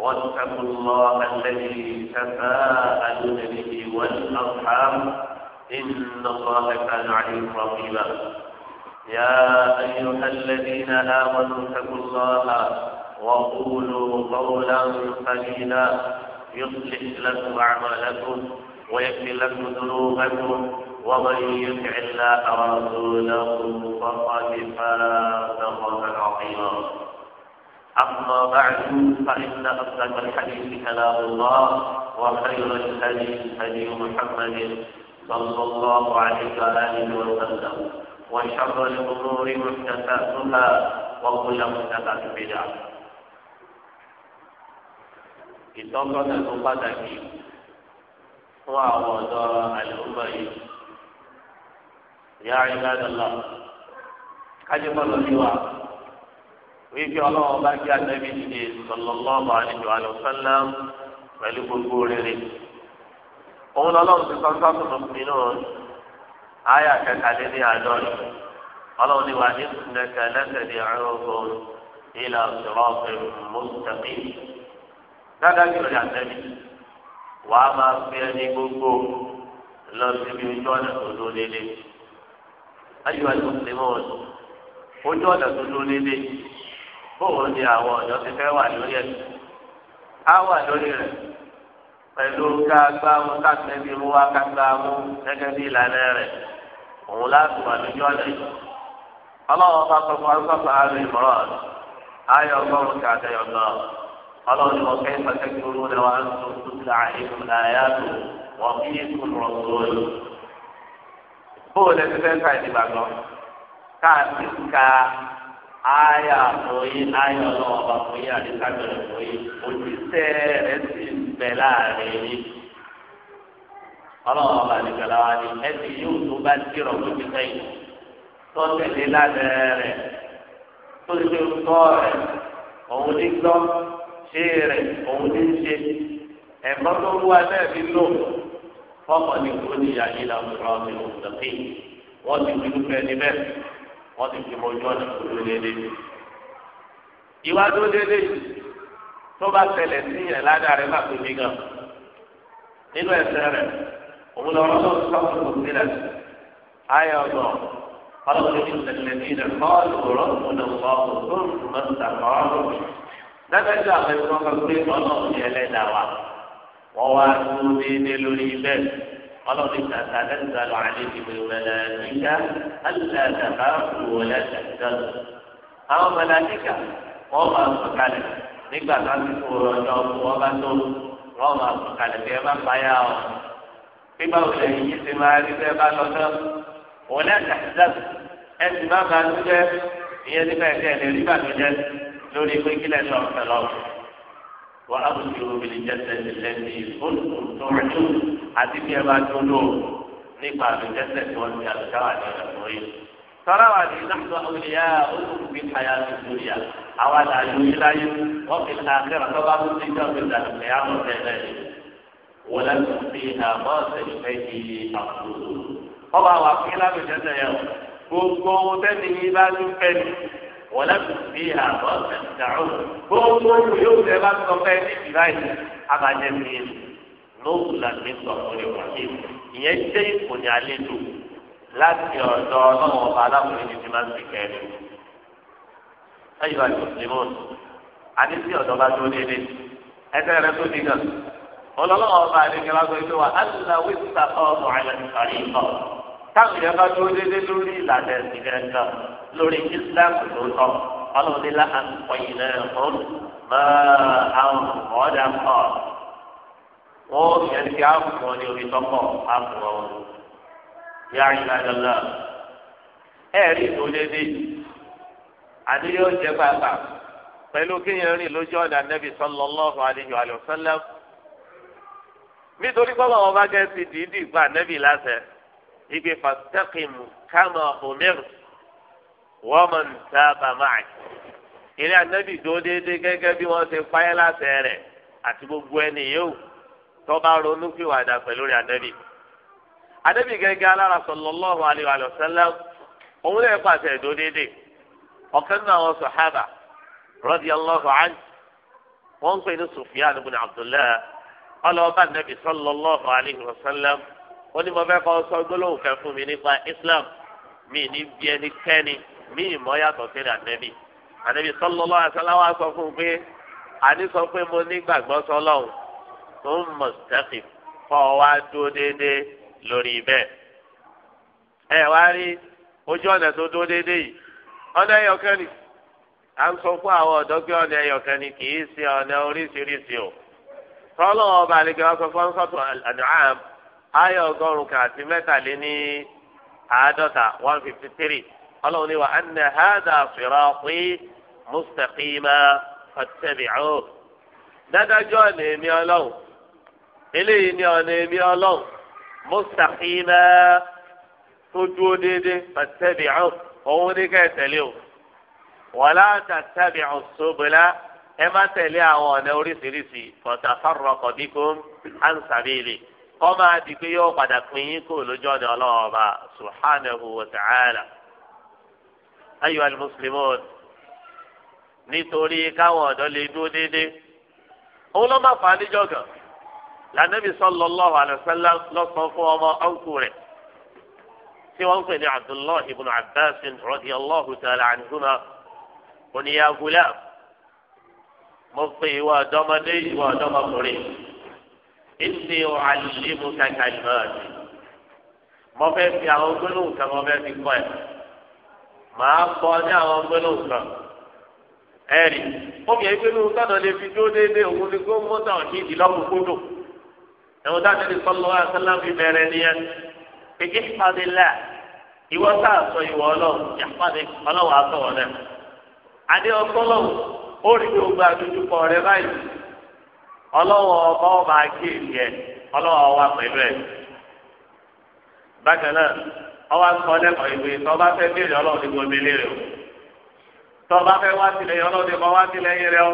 واتقوا الله الذي تساءلون به والأرحام إن الله كان عليم رقيبا يا أيها الذين آمنوا اتقوا الله وقولوا قولا سديدا يصلح لكم أعمالكم ويكفي لكم ذنوبكم ومن يطع الله ورسوله فقد فاز فوزا عظيما أما بعد فإن أصدق الحديث كلام الله وخير الهدي هدي محمد صلى الله عليه وآله وسلم وشر الأمور محدثاتها وكل محدثة بدعة ìtọ́gbọ́n ẹ̀kọ́ pàtàkì fún àwọn يا àlùmọ́ yìí ìyá ìgbàdàn wípé ọlọ́wọ́ bá jẹ́ anábì ṣe sallallahu alaihi wa sallam pẹ̀lú gbogbo rere. òun lọ́lọ́run ti sọ sọ́kùn ọkùnrin náà ayé àkẹ́kẹ́ ní àádọ́rin ọlọ́run ni wà ní ìsìnkẹ́ lẹ́sẹ̀dẹ̀ àrùn ilà sọ̀rọ̀ọ̀fẹ́ mọ́tàkì. dáadáa jùlọ ní àtẹ́bí wàá máa fi ẹni gbogbo lọ síbi ojú ọ̀nà tó dúró lélẹ̀. ayé wa ló ń sèmọ́ọ̀nù ojú ọ̀nà tó dúró lélẹ̀. bóun ni àwọn ọ̀yọ́ ti fẹ́ wà lórí ẹ̀ á wà lórí rẹ̀ pẹ̀lú kágbámú kágbẹ́bí mú wá kágbámú gẹ́gẹ́ bí ìlànà rẹ̀ òun láti wà lójú ọ̀nà yìí ọlọ́run bá sọ fún àárín ìmọ̀ràn ayọ̀ àtẹ̀yọ̀ ọlọ́run ni fẹ́ olú rẹ̀ wá ń tó wọ́n fi rọ̀ àyà àtòyìn àyà ọlọ́wọ́ bá fòyìn àdìsábẹ̀rẹ̀ fòyìn òjíṣẹ́ rẹ̀ sì ń bẹ láàrin yìí. ọlọ́wọ́ bá nìkan láwa ni ẹ̀sìn yóò tó bá dìrọ̀ lójú sẹ́yìn tó tẹ̀lé lánàá rẹ̀ tó ti fi tọ́ rẹ̀ òun ní gbọ́ ṣé rẹ̀ òun ní ṣe ẹ̀gbọ́n tó wú alẹ́ mi lò fọ́kàn ní kò níyà làwọn ọ̀rọ̀ mi ò sọ wọ́n ti fi mọ ojú ọ̀nà dúró déédéé. ìwà dúró déédéé tó bá ṣẹlẹ̀ sí yẹn ládàá rẹ̀ má tóbi gan. nínú ẹsẹ̀ rẹ̀ òun lọ́wọ́ lọ́wọ́ sọ́kùn kò sílẹ̀ ayé ọgbọ̀n ọlọ́run ní ìtẹ̀lẹ́dínà kọ́ọ̀lù rọ́ọ̀mùnà ọ̀gbọ̀n tó ń mọ̀ta kọ́ọ̀lù. dábẹ́jọ́ àwọn ẹgbẹ́ wọn kọ́ pé ọlọ́run ní ẹlẹ́dàá wa wọ́n wá قالوا إن أتنزل عليكم الملائكة ألا تخافوا ولا تحزنوا أو ملائكة وما سكنت nígbà tó ń kó ọjọ́ wọn bá tó wọn máa sọ kalẹ̀ bí ẹ bá payá ọ nígbà wo lẹ́yìn yìí ti máa rí bẹ́ẹ̀ bá lọ tán òun náà tàbí ẹ sì má máa tó jẹ́ ìyẹn nígbà ẹ̀kẹ́ lè rí bàtó jẹ́ lórí pé kílẹ̀ tó ń fẹ́ lọ́wọ́. وأبشروا بالجنة التي كنتم توعدون àti bí ẹ bá dúró nípa àbíjẹ́sẹ̀ tí wọ́n ti àbíkáwà ní ọ̀dọ̀ yìí. sọ́ra wà ní nàìjíríà ọ̀gbìnìyà olùkùn bíi àyà ti dùn yà àwa là ń yí láyé wọ́n fi ta akẹ́rọ̀ tó bá tún ti jọ́ fi dànù pé àmọ́ tẹ̀lé wọ́n lè tún fi àmọ́ sẹ́yìn fẹ́ di àkùrọ̀. ọba wà fún yín lábẹ́jẹ́sẹ̀ yẹn gbogbo ohun tẹ́ni yín bá tún fẹ́ ni wọ́n lẹ́nu bí àbọ̀ ṣẹ̀dáwó gbogbo yóò fẹ́ bá sọ fẹ́ ní ìbáyìí abajẹ́ mi lóògùn làgbé sọ fún ìwọ̀nyí ìyẹn jẹ́ ipò ní alẹ́ lò láti ọ̀dọ̀ ọlọ́wọ́ ọba aláwòrán ní ti máa ń fi kẹ́rin. ẹ̀yọ́ àti mùsùlùmí àti tí ọ̀dọ́ bá tó délé ẹsẹ̀ rẹ tó di náà ọlọ́wọ́ ọba àdéhùn ẹgbẹ́ wa aláwọ̀ ìsàkọ́ ọ̀rọ̀ àyẹ̀kọ́ táwọn èèyàn bá dúró déédéé lórí ìlànà ẹ̀sìn gẹ̀ẹ́gà lórí Islam tó tọ́ ọlọ́run ní láhàn ọ̀yìn náà fún máa àwọn ọ̀dà pọ̀ wọ́n yẹn ti àfùwọ́n ní omi tọ́pọ̀ àfùwọ́n yá ìlà lọ́la ẹ̀rí tó déédéé àdéhùn oúnjẹ pàápàá pẹ̀lú kéèyàn rìn lójú ọ̀dà nẹ́bí sallallahu alaihi wa sallam nítorí pé wọn bá gẹ̀ dìídì gba nẹ́bí láṣẹ ibi fàtẹ́kìmù kámà ọ̀mẹ́rù wọ́n mọ̀ ní sábà máa kí. ilé anábì dúró déédéé gẹ́gẹ́ bí wọ́n ṣe fáyẹ́ láti rẹ̀ àti gbogbo ẹni yóò tó bá ronú fìwàdà pẹ̀lú rẹ̀ anábì. anábì gẹ́gẹ́ alára sallallahu alaihi wa sallam òun lè pàṣẹ ìdó déédéé. ọ̀kan náà wọn sàhábà radiyallahu anhu wọ́n ń pè ní Sufyan ibn Abdullah ọlọ́ọ̀bá anábì sallallahu alaihi wa sallam ó ní mo fẹ́ kọ́ sọ gbólóhùn mi nípa islam mi ní bí ẹni kẹ́ni mi ìmọ̀ yàtọ̀ sí ní ànẹ́bí ànẹ́bí sallallahu alaihi sọ fún un pé àní sọ pé mo nígbàgbọ́ sọlọ́hùn tó ń mustaqim kọ́ wa dúró déédéé lórí bẹ́ẹ̀. ẹ wá rí ojú ọ̀nà tó dúró déédéé yìí ọ̀nà ẹ̀yọ̀kan à ń sọ fún àwọn ọ̀dọ́ pé ọ̀nà kì í ṣe ọ̀nà o tọ́lọ́ ọba àlejò wa fún ayé ọgọ́rùn kan àti mẹ́tàléní àádọ́ta one fifty three ọlọ́run ní wa anna hadha sirati mustaqima fattabi'uhu dádájọ́ ọ̀nà èmi ọlọ́run eléyìí ni ọ̀nà èmi ọlọ́run mustaqima tó dúró déédé fattabi'uhu òun ní ká tẹ̀lé o wala tattabi'u subula ẹ má tẹ̀lé àwọn ọ̀nà oríṣiríṣi fa tafarraqa bikum kọ́ máa di pé yóò padà pín yín kó lójú ọ̀dọ̀ ọlọ́run ọba subhanahu wa ta'ala ayyuha al-muslimun nítorí káwọn ọ̀dọ́ lè dúró déédéé òun ló má fà á níjọ́ gan lànàbì sallallahu alaihi wasallam lọ́sọ̀ fún ọmọ ọ̀nkù rẹ̀ tí wọ́n ń pè ní abdullah ibn abbas radiyallahu ta'ala anhuma oníyàgùlá mo pè ìwà ọ̀dọ́mọdé ìwà ọ̀dọ́mọkùnrin ìsè ọ̀hánilé mú kàkà ìmọ̀ọ́dì mo fẹ́ fi àwọn gbólóhùn kan mo fẹ́ fi kọ́ ẹ̀ màá kọ́ ní àwọn gbólóhùn kan ẹ̀rì obìnrin gbólóhùn kan náà lè fi dúró déédéé òun ni gómìnà ọ̀hìn ìdílọ́kùnkúndò ẹ̀wọ̀n dáadé ní sọ́lọ́ àṣálá fi bẹ̀rẹ̀ nìyẹn kékeré ìpàdé lẹ́à ìwọ sáà sọ ìwọ ọlọ́run ìyàpàdé ọlọ́run àtọ̀wọ̀ náà ọlọ́wọ́ ọba ọba akéèyàn yẹ ọlọ́wọ́ wa pẹ̀lú ẹ̀. bákan náà ọwọ́ sọ lẹ́kọ̀ọ́ ìwé tọ́ba fẹ́ béèrè ní o tọ́ba fẹ́ wá sílẹ̀ yẹn ní wá sílẹ̀ yẹn o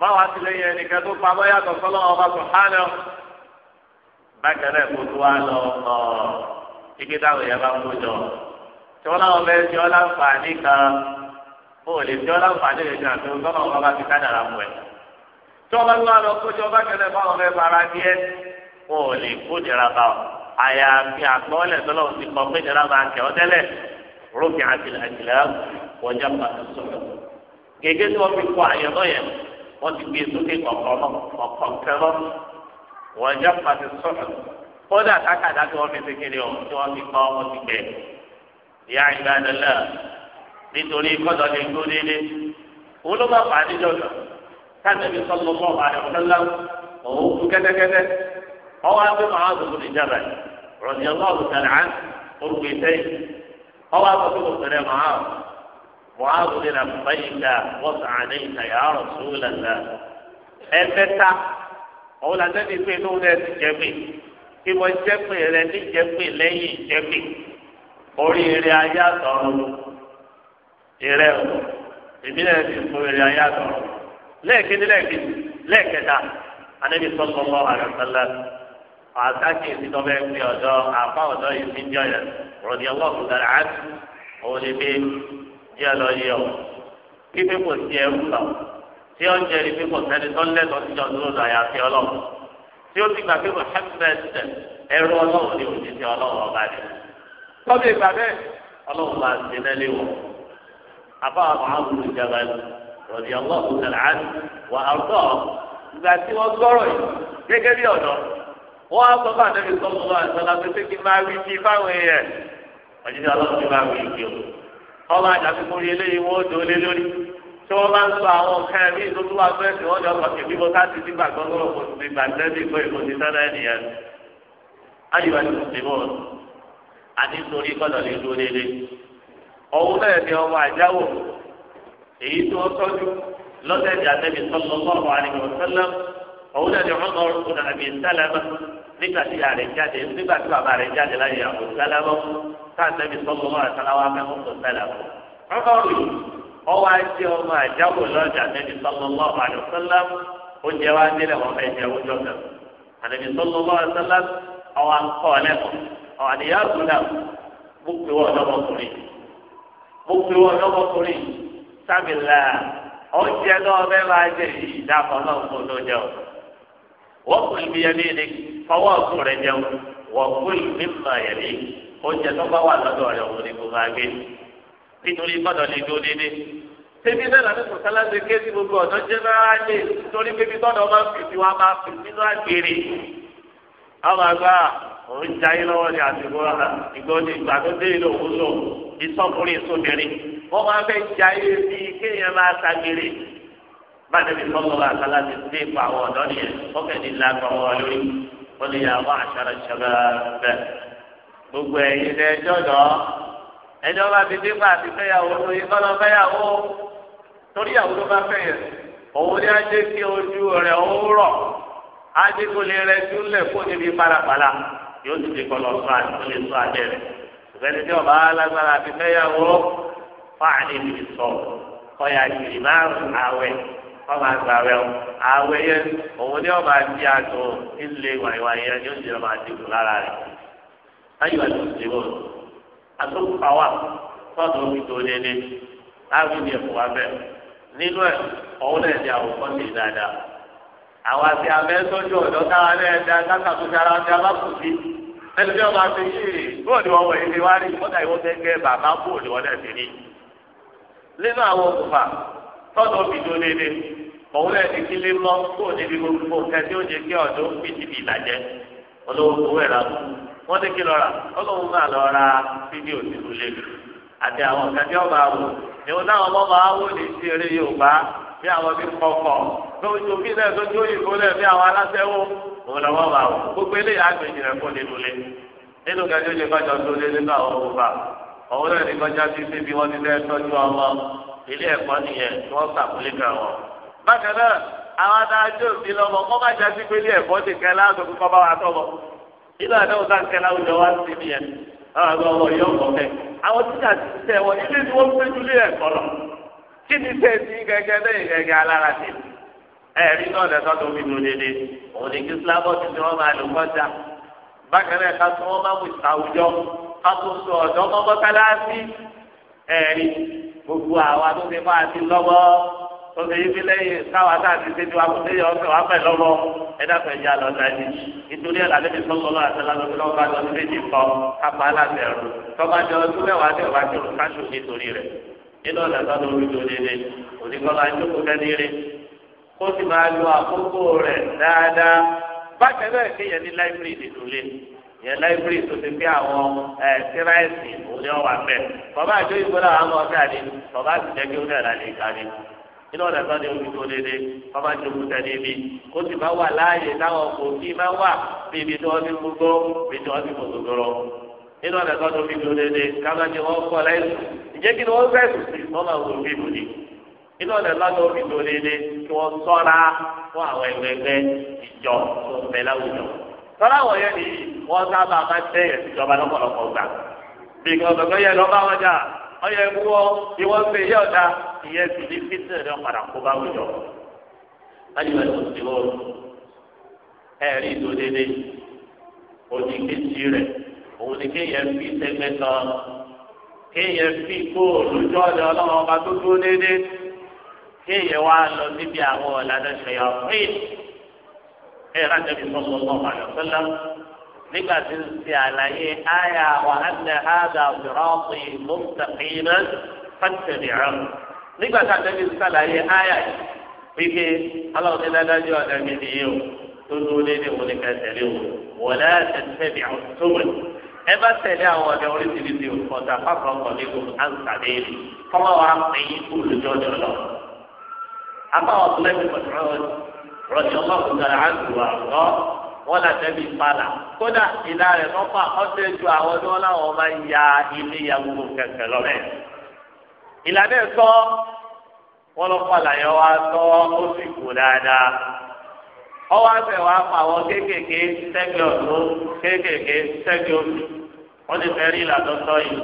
má wá sílẹ̀ yẹn nìkan tó yàtọ̀ ọba sọ bákan náà kò tó wá lọ ọ táwọn yẹn bá ń kójọ tí náà kan ó lè tọ́ba ló wà lọ kójọ bá kẹlẹ̀ fáwọn ọ̀rẹ́ bàrà díẹ̀ wọn ò lè kó nira bá ọ àyàfi àgbọ̀ọ́lẹ̀ tọ́lọ̀ ti kọ́ pé nira bá kẹ́ ọ tẹ́lẹ̀ rúbì àtìlẹ̀ àtìlẹ̀ wọjá pàtó sọ̀rọ̀ gègé tí wọ́n fi kọ́ àyẹ̀mọ́ yẹn wọ́n ti gbé e sókè kọ̀ọ̀kọ̀ọ̀kọ̀ wọjá pàtó sọ̀rọ̀ kódà kákàdá tí wọ́n fi ṣe kéde ọ̀hún tí wọ́n fi kọ́ wọ́n káàdébí sọ́dọ̀ mọ́ àyọ̀kọ́lá òun kú kẹ́tẹ́kẹ́tẹ́ ọwọ́ àti màá dùkú ní jábà rọ̀dì ọlọ́ọ̀dù tẹ̀lẹ̀ án orúkọ ìtẹ́yìn ọwọ́ àti màá tẹ̀lẹ̀ màá màá dùkú ní àbúbáyìíká wọ́n sàn án ní ìtàyà ọ̀rọ̀ sóòlà náà ẹ̀fẹ́ ta ọ̀hún la tẹ́lẹ̀ pé inú rẹ̀ ti jẹ́ pé kí mo jẹ́ pé rẹ̀ ní jẹ́ pé lẹ́yìn jẹ́ pé oríire ayé àtọ̀run ìrẹ́ ìbílẹ̀ ti fún oríire ayé àtọ̀run lẹ́ẹ̀kejì lẹ́ẹ̀kejì lẹ́ẹ̀kẹta anabi sọlọ lọ àgbàsálà àtàkì ìsìtọ́fẹ́ pé ọ̀dọ́ àfa ọ̀dọ́ yìí ti ń jọyọ̀ rọ̀dí ọlọ́ọ̀kú dára á ti òun ni pé díẹ̀ lọ yẹ ọ pípé kò sí ẹrú lọ tí ó ń jẹ́ ibi kò sẹ́ni tó ń lẹ́tọ̀ọ́ sí ọdún lọ́dọ̀ àyàfi ọlọ́run tí ó ti gbà pé Muhammad ẹrú ọlọ́run rọ̀dì ọlọ́ọ̀kú sàlàánù wà àrùtọ̀ ìgbà tí wọ́n gbọ́rọ̀ yìí gẹ́gẹ́ bí ọ̀dọ́ wọ́n á sọ fún àdébí sọ́kùn náà sọ́lá pé pé kí n máa wí sí fáwọn èèyàn ọ̀jíṣẹ́ ọlọ́run ti máa wí sí o ọmọ àjàfi kúrú eléyìí wọ́n dò lé lórí tí wọ́n bá ń sọ àwọn nǹkan ẹ̀mí ìdókòwò àgbẹ̀sìn wọ́n jọ sọ bí mo ká èyí tó tọ́jú lọ́sẹ̀ tí àtẹ́bí sọ́lọ́ lọ́wọ́ àríwá sẹ́lẹ̀ òun náà ni wọ́n lọ rún àbí sálámà nígbà tí ààrẹ jáde nígbà tí bàbá rẹ̀ jáde láyé àbò sálámà káàtẹ́bí sọ́lọ́ lọ́wọ́ àtàláwá mẹ́kọ̀ọ́ sálámà. ọkọ̀rì ọwọ́ ajé ọmọ àjáwò lọ́jà àtẹ́bí sọ́lọ́ lọ́wọ́ àríwá sẹ́lẹ̀ oúnjẹ wa nílẹ̀ wọ́n fẹ́ jẹ oúnjẹ ọ̀gá àtẹ́bí sọ́lọ́ lọ́wọ́ sẹ́lẹ̀ sábìlà oúnjẹ náà bẹ́ẹ̀ máa jẹ ìdáàbọ̀ náà kó ló jẹ o. wọ́n kò ibi yẹn ní ilé fọwọ́ ọ̀tún rẹ̀ jẹun wọ́n kò ibi mọ̀ yẹn ní oúnjẹ tó bá wà lọ́dọ̀ rẹ̀ òun ni kò máa gbé. nítorí gbọ́dọ̀ ní dúró dédé. tẹ́bí náà láti kò sálá ṣe ké sí gbogbo ọ̀dọ́ jẹ́ náà lè torí pé bí tọ́dọ̀ máa fi tiwa máa fi nínú àgbèrè. àwọn àgbà òun jayé lọ́wọ́ ni àtìgbò ìgbà tó dé ìlú òun lò ìsọkùnrin wọ́n máa fẹ́ ja iye bí kéèyàn máa sàgbére bá tẹ̀lé sọ́kọ̀ bá àkàlà ti dé ipa àwọn ọ̀dọ́ nìyẹn ọkẹ́ ní lágbà wọn lórí wọ́n lè yà wọ́n àṣàrà ṣàbà bẹ́ẹ̀. gbogbo ẹ̀yin lẹ jọ̀dọ̀ ẹjọ́ bá ti dé pa àti fẹ́yàwó lórí kọ́lọ́ fẹ́yàwó torí àwọn ló bá fẹ́ òun ni ajé kí ojú rẹ̀ ó rọ̀ ajé kò lè rẹ júlẹ̀ kó níbi parapara yóò ti di kọ́lọ́ sọ àti tó lè sọ àjẹ rẹ̀ ìfẹ́ni tí ọba alágbára fáàlì mi sọ ọyà kiri máa ń àwẹ ọmọ àgbà rẹ o àwẹ yẹn òun ni ọmọ àti àtò ilé wàyíwá yẹn ni ó ń jẹ ọmọ àti ìlú lára rẹ ayé wà ló ń ṣe wọn àtúntò pàwà fọdù omi tó lélẹ láàbù ní ẹ̀kọ́ abẹ nínú ẹ ọwọ́ náà di àwọn kan lè dáadáa àwọn àti abẹ sójú ọ̀dọ́ táwa náà dá kákàtúntì ara ti abákùnfì ẹni tí wọn bá ti yí bóòdì wọn wọ ilé wa rí kódà ìwọ gẹ́gẹ́ bàbá bóòdì wọn náà ti rí. nínú àwọn òkùnfà tọ́nà òbí tó léde òun náà ti lé mọ́ kó níbi gbogbo nǹkan tí ó jẹ kí ọ̀dọ́ pdp làjẹ́ olówó owó ẹ̀ lọ́wọ́ wọ́n ní kí lọ́ra ọlọ́run máa lọ ra àti àwọn tí ọba wò ni wọn náà wọ́n máa wò ní sí eré Yorùbá bí àwọn bí kọ̀ọ̀kọ̀ bí náà náà bí àwọn gbogbo ọ̀hún náà ní kọjá sí síbi wọn nílé ẹtọ́jú ọmọ ilé ẹ̀kọ́ nìyẹn tí wọ́n sàkúlẹ̀kà wọn. bákan náà àwọn adájọ́ òbí lọ́mọ kọ́ bá já sí pé ilé ẹ̀kọ́ ti kẹ́ kó bá wa tọ́mọ. ilé àdáwò tá kẹ́ láwùjọ wá sí yẹn àwọn ọmọ yóò kọ́ àwọn ti tẹ̀ ilé tí wọ́n ẹ̀kọ́ lọ. kí ni tẹ̀ sí gẹ́gẹ́ gẹ́gẹ́ alára bákan náà ká tó wọn bá wù àwùjọ ká tó sọ ọ̀dọ́ mọ́mọ́kálásí ẹ̀rí gbogbo àwa tó ti bá a ti lọ́wọ́ tó ti yí fi lẹ́yìn káwa tá a ti ṣe ju akúté yọ ọ̀fẹ́ wàá fẹ́ lọ́wọ́ ẹ̀dá fẹ́ yà lọ dájú nítorí ẹ̀ làdébi sọ́kọ́ lọ́wọ́ àtàlà lọ́wọ́ lọ́wọ́ bá lọ́wọ́ méjì kọ́ kápá aláṣẹ rù tọ́ba jọ ọdún mẹ́wàá tẹ̀ wá káṣù nítorí rẹ̀ nínú ọ̀nà tó lórí tó lélẹ̀ òní kọ́lá ìjókòó bákan náà kéèyàn ní láìbírì nínú ilé yẹn láìbírì tó ti fi àwọn ẹ tíráìsì òní ọwà bẹ bàbá àjọ ìgbọ́dọ̀ àwọn ọ̀dà ni bàbá àti jẹ́ kí ó dàda lè ka ni inú ọ̀dà sọ́ni omi tó dédé bàbá àti omi tẹ̀ níbi ó sì máa wà láàyè táwọn kò kí máa wà bíbi tí wọ́n ti gbogbo bíbi tí wọ́n ti gbogbo inú ọ̀dà sọ́ni omi tó dédé káwọn wọ́n kọ́ láìsù fún àwọn ẹgbẹ́ ẹgbẹ́ ìjọ tó ń bẹ láwùjọ. tọ́lá ni wọ́n sábà máa ń tẹ̀yẹ̀ síjọba lọ́pọ̀lọpọ̀ gbà. bí kan gbẹgbẹ́ yẹn lọ bá wọn jà ọyẹ wúwọ́ bí wọ́n fẹ́ yẹ ọ̀dà ìyẹn sì ní fíṣẹ̀ padà kó bá wùjọ. ayọ̀ ẹ̀sùn ti wọ́n ẹ̀rí òní rẹ̀ òun ni kéèyàn fi sẹ́gbẹ́ tán kéèyàn fi kó olùjọ́ ọ̀dọ̀ kéèyàn wá lọ níbi àwọn ọ̀làdà ṣẹ̀yà ọ̀hìn ẹ̀ rájọ́bí sọ́kọ́ ọmọ àlọ́sọ́lá nígbà tí ń ṣe àlàyé àyà wà á nà á dà ọ̀dọ́rọ́ọ̀pì mọ́tàkìnà fàtẹ̀lẹ̀rọ̀ nígbà tí àtẹ́bí ń ṣàlàyé àyà wípé aláwọ̀dé dájú ọ̀dà mi nìyí o tó dúró lédè wọn ni kẹsẹ̀lẹ̀ o wọlé àtẹ̀tẹ̀bí tẹ̀lé àwọn ọ̀dẹ oríṣiríṣi ọ̀tà àbá ọ̀tún lẹ́bi mọ̀tòrọ́ọ̀dì rọ̀jì ọlọ́run gbàrà àgùrù àgọ́ wọn là tẹ́bi padà kódà ìlà rẹ̀ mọ́fà ọ̀tẹ́ ju àwọn tí wọ́n láwọn máa ń ya ilé ya gbogbo kẹ̀kẹ́ lọ rẹ̀. ìlà náà sọ wọn lọ padà yọ wá sọ ó sì kú dáadáa ọwọ́ àgbẹ̀ wa pa àwọn kéékèèké sẹ́gbẹ̀ ọ̀tún kéékèèké sẹ́gbẹ̀ òsì wọ́n ti fẹ́ rí ìlà tó sọ yìí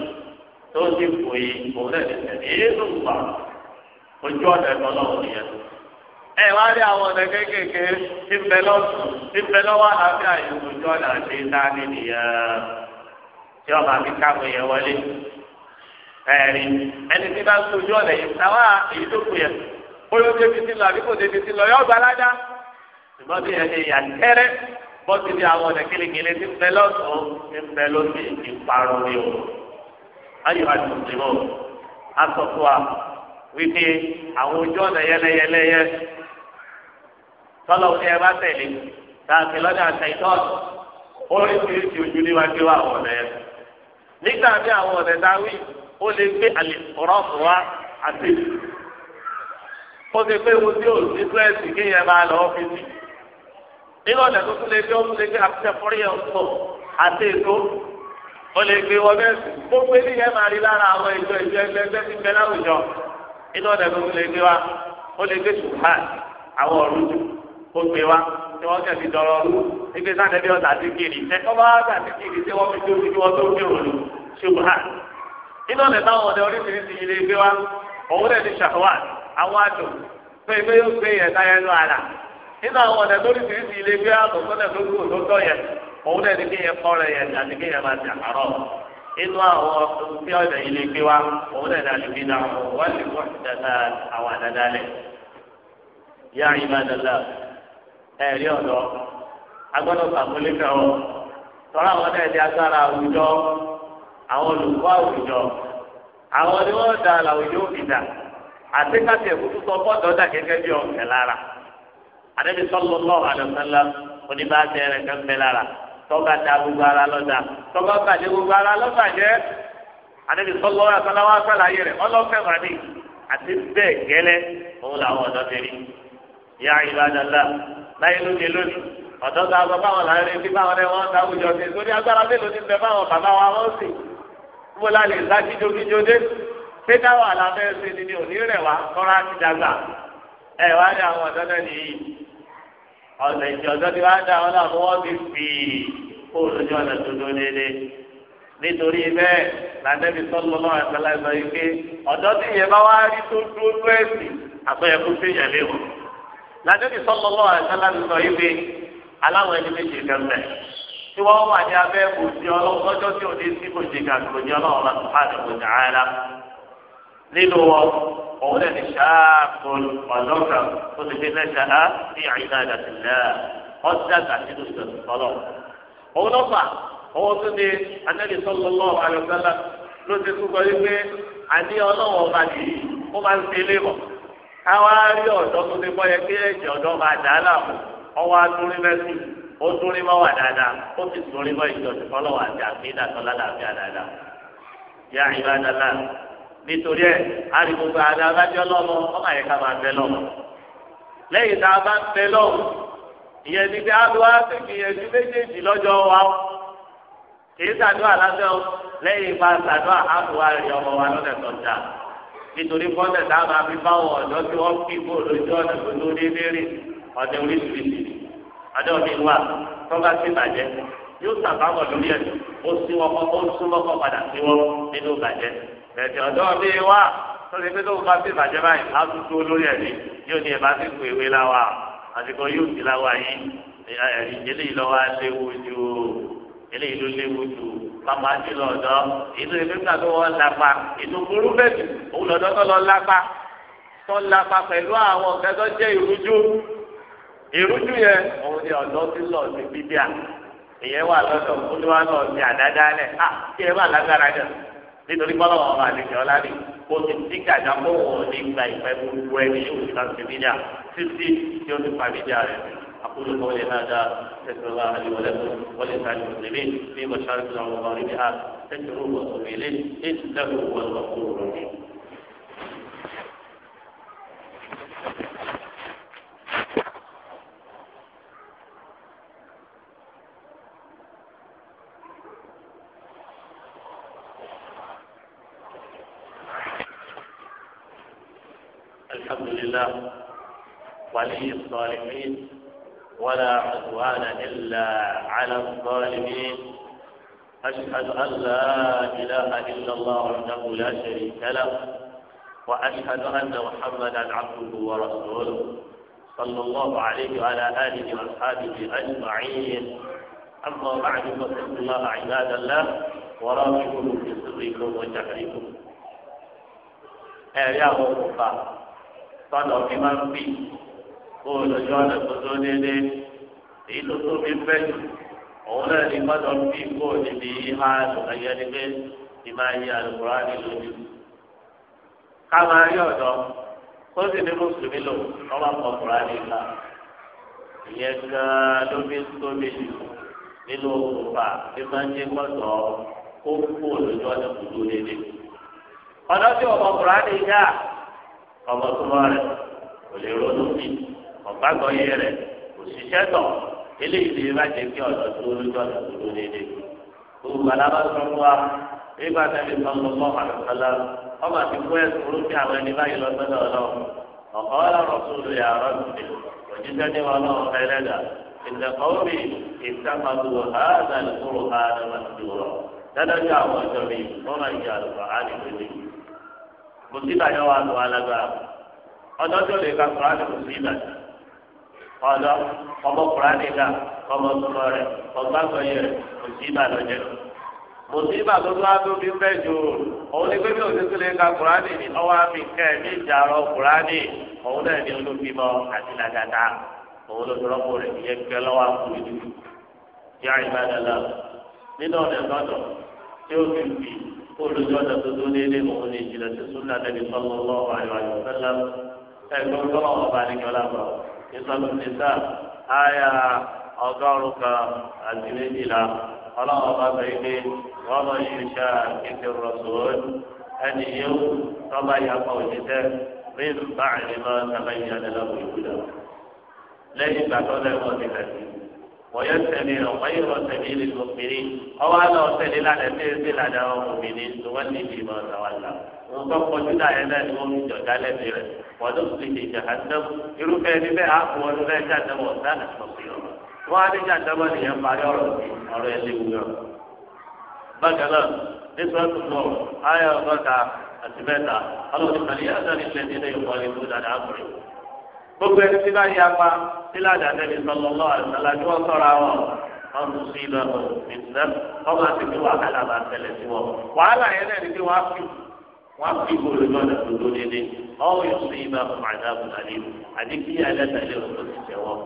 tó sì kù yìí òun náà ti tẹ̀lé é ojú ọ̀nà ẹ̀kọ́ lọ́wọ́ nìyẹn. ẹ wá rí àwọn ọ̀nà kéékèèké tí ń bẹ lọ́sùn tí ń bẹ lọ́wọ́ àlàáfíà yìí ojú ọ̀nà àti ìdáni nìyẹn tí ọba mi káwé yẹn wọlé. ẹ̀rí ẹni tí bá ń sojú ọ̀nà yìí táwa èyí tó kù yẹn bóyá débi ti lọ àbí kò débi ti lọ yọ ọgbà ládá ṣùgbọ́n bí ẹni yà tẹ́rẹ́ bọ́sì wípé àwọn ojú ọ̀nà yẹlẹyẹlẹ yẹ tọ́lọ̀ fún ẹ bá tẹ̀lé káàkiri lọ́dọ̀ àtẹ̀tọ́ọ̀tù oríṣiríṣi ojú ni wàá gbé wá àwọn ọ̀nà yẹn. nígbà bí àwọn ọ̀nà dáwì ó lè gbé àlè rọ́ọ̀fù wá àti ó ti pé mo tí ò ní dírẹ́sì kéèyàn máa lọ ọ́fíìsì. nínú ọ̀nà tó tún lè gbé ó tún lè gbé àfihàn fúnríyàn pọ̀ àti ètò ó lè gbé wọ́n bẹ́ẹ̀ gbogbo eléyẹn máa rí lára àwọn ìjọ ìjọ ẹgbẹ́ ẹgbẹ́ inú ọ̀dà gbogbo lè gbé wa ó lè gbé sùhàn àwọn ọ̀rùn ó gbé wa tí wọ́n kẹ́ fi dọ̀rọ̀ ọ̀rùn sáńdẹ̀ bí ọ̀tà ti kiri ẹ̀kọ́ bá ọ̀tà ti kiri tí wọ́n fi tó fi wọ́n tó fi rò lù sùhàn inú ọ̀dà táwọn ọ̀dà oríṣiríṣi yìí lè gbé wa òun lè ní ṣàwà àwọn àtò pé pé yóò gbé yẹn táyà lọ àlà nínú àwọn ọ̀dà lóríṣiríṣi ilé gbé àtò òun lè ní kí yẹn kọ́ inú àwọn tí ọ̀dà yìí lè gbé wa òun lè dàlú bí náà wọ́n lè wọ́n dáadáa àwọn àdáda lẹ̀. yá ìbádọ́lá ẹ̀rí ọ̀dọ́ agbọ́dọ̀ pàmòlé kan ọ́ tọ́lá àwọn náà di agbára àwùjọ àwọn olùkọ́ àwùjọ àwọn ni wọ́n da àwùjọ òkìdá àti káṣíẹ̀ kúkú sọ fọ́dọ̀ dà gẹ́gẹ́ bí ọ̀kẹ́ lára àdébísọ́lọ́lọ́ àdàsánlá tọ́ba da gbogbo ara lọ́dà tọ́ba bàjẹ́ gbogbo ara lọ́bàjẹ́ àdébí sọ́lọ́ àtàláwá sàlàyé rẹ̀ ọlọ́fẹ́ màdì àti bẹ́ẹ̀ gẹ́lẹ́ òun làwọn ọ̀dọ́ ti rí yá ìbádàlá láyé ọ̀dọ́ ta sọ ta àwùjọ sí agbára mélòó ti bẹ bàbá wa sì pé táwọn àlàfẹ́ ṣe ni ọ̀nà ìjọ ọ̀dọ́ ti máa ń dá àwọn náà fún wọn ti fi kóòlù ní ọ̀nà tó dún nílé nítorí bẹ́ẹ̀ lànàbí sọ́lọ́ náà àtàlà sọ yìí pé ọ̀dọ́ tí ìyẹn bá wá rí tó dúró tó ẹ̀sì àpẹẹrẹ kó sí ìyẹn léwu lànàbí sọ́lọ́ náà àtàlà sọ yìí pé aláwọ̀ ẹni méjì kan tí wọ́n wà ní abẹ́ òsì ọlọ́wọ́ tí òde òun lẹ́ni ṣáàkùn ọ̀dọ́kà tó ti fi mẹ́ta á ní àyíká ìdàtìlẹ́ ọ̀sẹ̀ àti ìdùnnú sọ̀lọ̀. òun ló fà owó tó ní anábì sọ́lọ́lọ́ àlùkálà ló ti tún sọ wípé àní ọlọ́wọ́ ọba nìyí ó máa ń fi ilé mọ̀ káwá rí ọ̀dọ́ tó ti bọ́yẹ kí ẹ̀jẹ̀ ọ̀dọ́ máa dà á láàmú ọwọ́ atúrí mẹ́sì ó túrí mọ́ wà dáadáa ó sì túrí mọ́ ìjọ nítorí ẹ arìgbogbo àdá abájọ lọ́wọ́ ọmọ yẹn ká máa bẹ lọ́wọ́ lẹ́yìn tá a bá ń bẹ lọ́wọ́ ìyẹn ní bí adúlá ti gbìyànjú méjèèjì lọ́jọ́ wa kìí ṣàdúrà lásán lẹ́yìn ìfà ṣàdúrà àbúwá rẹ̀ ọmọ wa lọ́dẹ̀ tó dà nítorí bọ́dẹ̀ tá a máa fi bá wọn ọ̀dọ́ tí wọ́n fi kó lójú ọ̀nà tó tó dé léèrè ọ̀dẹ̀ oríṣiríṣi ọ̀dẹ̀ omi wà tọ́ba sí bàjẹ́ yóò sàbáwọ̀ lórí ẹ̀ ó sí wọn kọ́ ó súnmọ́ kọ́ padà sí wọn nínú bàjẹ́ ẹ̀sìn ọ̀dọ́ bíi wá lórí pé tóun bá fi ìbàjẹ́ báyìí á tún tó lórí ẹ̀mí yóò ní ìbá sí kò ìwé láwa àsìkò yóò ti láwa yín eléyìí lọ́wọ́ léwu ju eléyìí ló léwu ju pàmò àjùlọ ọ̀dọ́ inú ìfúnpá tó wọ́n lápá inú burú bẹ́ẹ̀ òun lọ́dọ́ tó lọ lápá tó lápá pẹ̀lú àwọn ọ̀gá tó jẹ́ ìrújú ìrújú yẹn òun ni ọ̀dọ́ ti lọ sí bíbíà ìyẹn wà lọ́dọ̀ olúwa náà ti àdádálẹ̀ ah, nítorí bọ́lá wọn máa lè jọ lárí kó o ti ti gàdá kó wọn ní gba ìpẹ́ gbogbo ẹni yóò ti láti bíjà títí tí ó ti pa bíjà rẹ̀. أقول قولي هذا أستغفر الله لي ولكم ولسائر المسلمين في مشارق ومغاربها أستغفروه وأتوب إليه إنه هو الغفور الرحيم ولي الظالمين ولا عدوان إلا على الظالمين أشهد أن لا إله إلا الله وحده لا شريك له وأشهد أن محمدا عبده ورسوله صلى الله عليه وعلى آله وأصحابه أجمعين أما بعد فاتقوا الله عباد الله وراقبوه في سركم وجهركم أيها الأخوة صلوا بمن فيه kó o lọ yọ ọ̀nà tó fi fẹ́ jù òun náà ní gbọ́dọ̀ fi kó o níbi ìhà àlùkàyẹ pé ní máa yẹ àlùkùrá lójú. ká máa rí ọ̀dọ́ kó sì ní mùsùlùmí lò lọ́wọ́ àkọkùrá ní ìlà ìyẹn gan ló fi tóbi jù nínú òkùnfà bí máa ń jẹ́ gbọ́dọ̀ kó kó lójú ọ̀nà tó ọ̀gbàgbọ́ yé rẹ̀ kò ṣiṣẹ́ tọ̀ eléyìí lè má jẹ́ kí ọ̀dọ́ tó lójọ́ ọ̀dọ́ tó lóde dé. gbogbo alábà sọ fún wa nígbà tẹ́lẹ̀ sọ́kọ́ mọ́ àlùfẹ́lá ọmọ àti fún ẹ̀sùn orúkẹ àwọn ẹni báyìí lọ sọ́dọ̀ ọlọ́run ọ̀kọ́ ọlọ́run tó lè àárọ̀ tìlẹ̀ òjíṣẹ́ ní wọn náà fẹ́ lẹ́dà ìtẹ̀kọ́wé ìtàkàtù ọ̀hánà ìkúrò ọ̀hánà màtúrọ̀ dáadáa àwọn ọjọ́ ọlọ ọmọkùnrin nìkan ọmọ tuntun rẹ ọgbàgbọ yẹ mùsíbà lọjẹ mùsíbà tó tó àdóbi bẹ jù òun ní pépé òtútù lè ka kùránì ní ọwọ́ àmì kẹẹmí ìjàrọ kùránì òun náà ní olùbímọ àti làgàtà òun ló dọrọpọ rẹ ìyẹn pẹ lọ́wọ́ àkùrẹ dúdú yá ìbádàlá nínú ọdẹ gbọ́dọ̀ tí ó fi fi olùjọdọ tó tó délé òun ní ìjìnlẹ̀ tó súnà lẹbi sọlọ lọ àyọ àyọ fẹlẹ ẹgbẹ́ ìsọlù nìta àyà ọgọ́rùn kan àti méjìlá ọlọ́run bá sọ pé wọ́n lọ yìí ṣá kékeré rọ̀sùn ẹni yóò tọ́ba yàgbọ́ òṣìṣẹ́ rí bá àyẹ̀mọ́ sábàyí adẹ́lẹ́wọ̀ ìwúlẹ̀ lẹ́yìn ìgbà tó lẹ́wọ́ ti rẹ̀ sí wọ́yẹ tẹ̀lé ọ̀pẹ́yẹ ọ̀tẹ̀lé lè lọ́pẹ́rẹ́ ọwọ́ àlọ́ ọ̀tẹ̀lé lánàá tẹ̀lé lánàá ọ̀pẹ́rẹ́ tó wọ́n ní ìdìbò ọ̀tàwálà wọn tó kọjú láyé náà ni wọn ń jọ dálẹ bí rẹ wọn tó fi lè jà hàndàm irúfẹ́ ẹni bẹ́ẹ̀ àpò ọdún bẹ́ẹ̀ jà dàbọ ọsán àtọkì ọ̀rọ̀ wọn á ní jà dàbọ nìyẹn parí ọ̀rọ̀ ọ̀rọ̀ ẹni wúyọ. bákan náà nípa tó lọ ayé ọgọ́ta àti mẹ́ta ọlọ́run kan yíyá sáré ilé ní ilé ìwọ ìlú dàdà àbúrò. gbogbo ẹni tí bá yá pa sílá dàdà ní sọlọlọ àtàlà ọdún sí ìlú ọdún ìtìlẹ ọmọ àti wọn fi gbolo lọnà dodo dédé ọwọ yóò sọ yìí bá fún àdàbò àlè àti kí alẹ́tàlẹ́ òkú ti tẹ̀ wọ́n.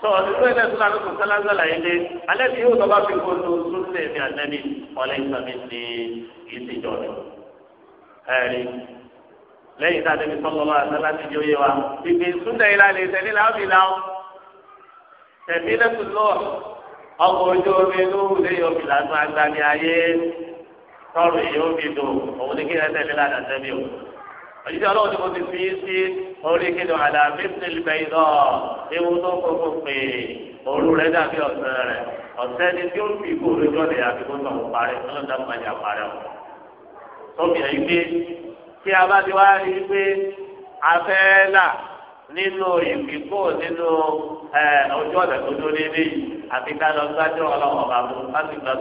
sọ ọdún tó yẹ kí lóla lóko sálágbàlá yẹn dé alẹ́ tí yóò lọ bá fi gbolo sóńtẹ̀ mi ànábì ọ̀lẹ́ ìsàmì ní ìsìnjọ́ rẹ̀. ẹ̀rí lẹ́yìn tá a débi sọ́kọ́ bá sálá ti jó yé wa ìgbì súnlẹ̀ yìí lè tẹ̀lé láàbì láwọn tẹ̀mí lẹ́kùn lọ́ọ̀ ọkọ̀ ojú omi lóhùn lẹ́yìn ọ̀bì lásán agbani ayé sọ́ọ̀rù yóò fi dùn òun ní kí ẹ tẹ̀lé ládàá tẹ́lẹ̀ o. òjijì ọlọ́run ni mo ti fi sí orí kí ni àlà mísìlì bẹ́ẹ̀dọ̀ ewu tó kókó pé òru rẹ̀ dàbí ọ̀sẹ̀ rẹ̀ ọ̀sẹ̀ ni tí ó fi kó orí lọ́dẹ̀ àti kó tọ̀ parẹ́ ọlọ́dà pàjà parẹ́ o. tóbi ẹ̀ gbé tí a bá ti wá rí i pé afẹ́ là nínú ìfikó nínú ọjọ́ ọ̀dẹ̀ tó dó déédéé àti ká lọ gbájú ọlọ́wọ́ bàbá láti gbà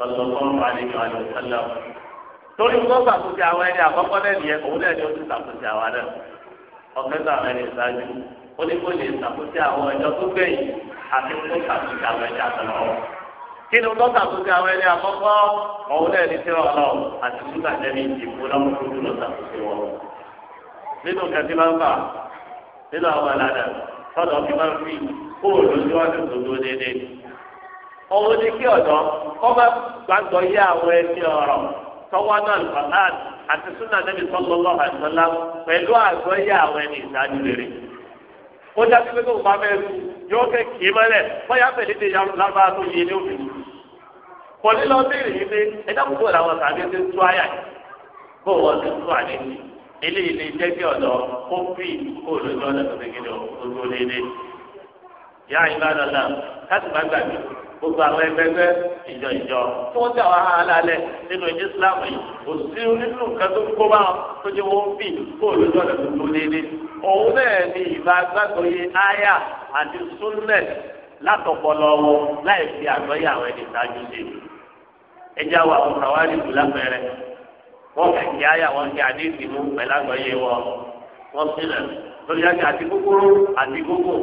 sọ̀tọ̀ fún àlejò àlejò sọ́lá. torí wọ́n ṣàkóso àwọn ẹni àkọ́kọ́ náà nìyẹn òun náà ni ó ti ṣàkóso àwọn náà. ọ̀kẹ́ sọ àwọn ẹni ìṣáájú ó ní kó lè ṣàkóso àwọn ẹjọ́ tó gbẹ̀yìn àti kó ṣàkóso àwọn ẹni àtọ̀lọ́wọ́. kí ni wọ́n ṣàkóso àwọn ẹni àkọ́kọ́ òun náà ni tí ọ̀lọ́ àti ṣúgà jẹ́mi ìdìbò lọ́mọdún ló ṣàkóso òun ni kí ọ̀dọ́ kọ́ bá gbàgbọ́ yé àwọn ẹni ọ̀rọ̀ tọ́wọ́ náà lọ́láàd àti súnà níbi sọ́lọ́lọ́ àìsọ́lá pẹ̀lú àgbọ́yé àwọn ẹni ìsáájú rere. ó dájú pé kó o bá fẹ́ lu yóò fẹ́ kì í mọ́lẹ̀ bóyá pẹ̀lú ti yàrá lábá tó yé ní òbí. pọ̀lì lọ béèrè yìí pé ẹ̀dá púpọ̀ làwọn sàbí ti tú àyà bó wọ́n ti tú àlẹ́ gbogbo àwọn ẹgbẹgbẹ ìjọ ìjọ tí wọn tẹ àwọn alálẹ nínú ẹjẹ islam yìí kò sí nínú nǹkan tó kó bá wọn tó jẹ wọn bì kó olójú ọ̀nà tuntun léde òun náà ni ìbá gbàgbọ́ yé áyà àti súnlẹ̀ látọpọlọ wọn láì fi àgbọ́yé àwọn ẹni ìtajú sí ẹjẹ àwọn àwọn kàwárí ìlú lápẹẹrẹ wọn kà kí áyà wọn kí àdéhùn mú pẹ̀lú àgbọ́yé wọn wọn sílẹ̀ lórí àti àti àti gbogbo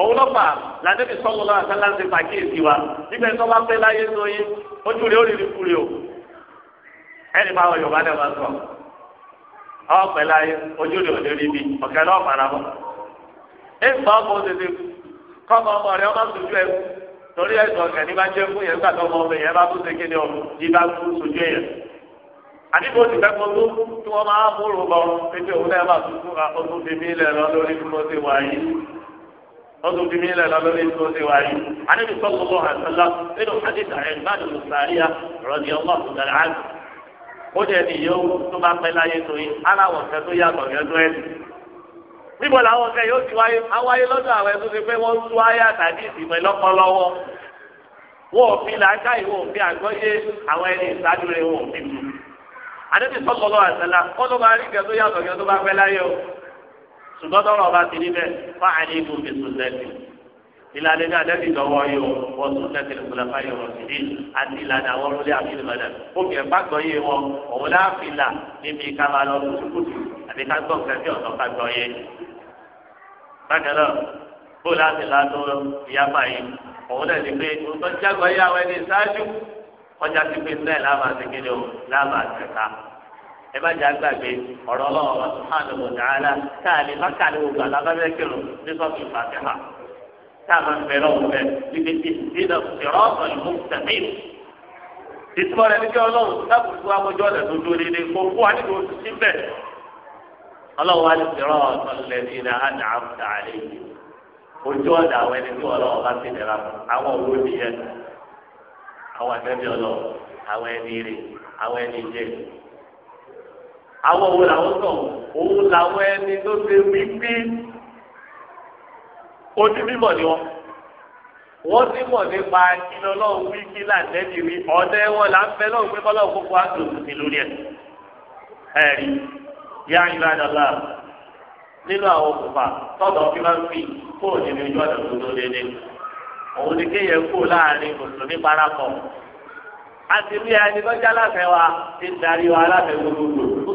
òun ló fà lànàbí sọ́wọ́ lọ́wọ́ àtàlà ń ṣe pàkíyèsí wa nígbà tó bá pẹ́ láyé tó yín ojú rẹ̀ ó rí ikú rẹ̀ o ẹni máa wọ yorùbá náà máa sọ ọ pẹ́ láyé ojú rẹ̀ ò lè rí bi ọ̀kẹ́ náà fara mọ́ ẹ ń bá ọmọ tètè kọ́ ọmọ ọmọ ọmọ sojú ẹ torí ẹ sọ ọ̀kẹ́ bá jẹ́ fún yẹn nígbà tó ọmọ ọmọ yẹn bá tún ṣe kéde ọ̀hún ní bá tún sojú ẹ yẹn àdìbò ti fẹ́ kó tí wọ́n máa múrò bọ̀ pété ọdún bíi mílẹ̀ lọ lórí tó ṣe wáyé anábì sọ́kùn lọ́wọ́ àtàlá nínú hadith àyẹ̀gbádùn mùsàlíyà rọ̀dí ọlọ́ àtúntàlá àti ó dẹ̀ ní yóò tó bá pẹ́ láyé tó yé aláwọ̀ ọ̀sẹ̀ tó yàtọ̀ yẹn tó ẹ̀sìn. níbo làwọn ọ̀sẹ̀ yóò ti wáyé awáyé lọ́dọ̀ àwọn ẹ̀sùn ti pé wọ́n tú ayé àtàdé ìsìnkú lọ́kọ́lọ́wọ́ wọn ò fi làákà ìwọ fi àgbọ́yé ṣùgbọ́n tọ́lọ̀ ọba ti níbẹ̀ fún àdéhùn fi sùn lẹ́sìn ìlànà ní adẹ́bí lọ́wọ́ yóò wọ́n tún lẹ́sìn ìgbàlàfà yọ̀rọ̀ sídì àti ìlànà àwọn olórí àfihàn òkè gbàgbọ́ yé wọn òun láàfin là níbi ká lọ kùtùkùtù àti ká gbọ́ ọ̀tọ̀ ká gbọ́ bákan náà bó láti lánà ìyáfà yìí òun náà ti pé òótọ́ jágbọ́ yé àwọn ẹni ṣáájú ọjà ti pé sẹ́ẹ̀ láàmà ẹ bá jà gbàgbé ọ̀rọ̀ ọlọ́wọ́ wa sùhánù wò dáhàlà káàlì má káàlì wò kírun ní sọ́ọ̀tù fàtìhà táàmù bẹ̀rẹ̀ ọ̀fẹ́ níbi tí ìdílé ọ̀sán ìlú ìtumọ̀ rẹ̀ ní kí ọlọ́run tó dúró nílé kó àdìgbò sí ọlọ́run wá ní ọ̀sán àwọn ẹni àwọn àwọn òun làwọn sọ òun làwọn ẹni tó ṣe wípé ojú mímọ̀ ni wọn wọ́n ti mọ̀ nípa kíni ọlọ́run wí kí làǹdẹ́bí wí ọ̀dẹ́ wọn là ń fẹ́ lọ́run pé kọ́lọ́run kókó á dùn sí lórí ẹ̀. ẹ̀rí yá ìbádọ́lá nínú àwọn òkùnfà tọ́dọ̀ fi máa ń fi kúrò nínú ojú ọ̀dọ̀ tó tó dédé. òun ni kéèyàn kú láàrin mùsùlùmí parapọ̀. a ti ẹni lọ́jà aláfẹ́ wa ti darí wa aláfẹ́ gbogbogbò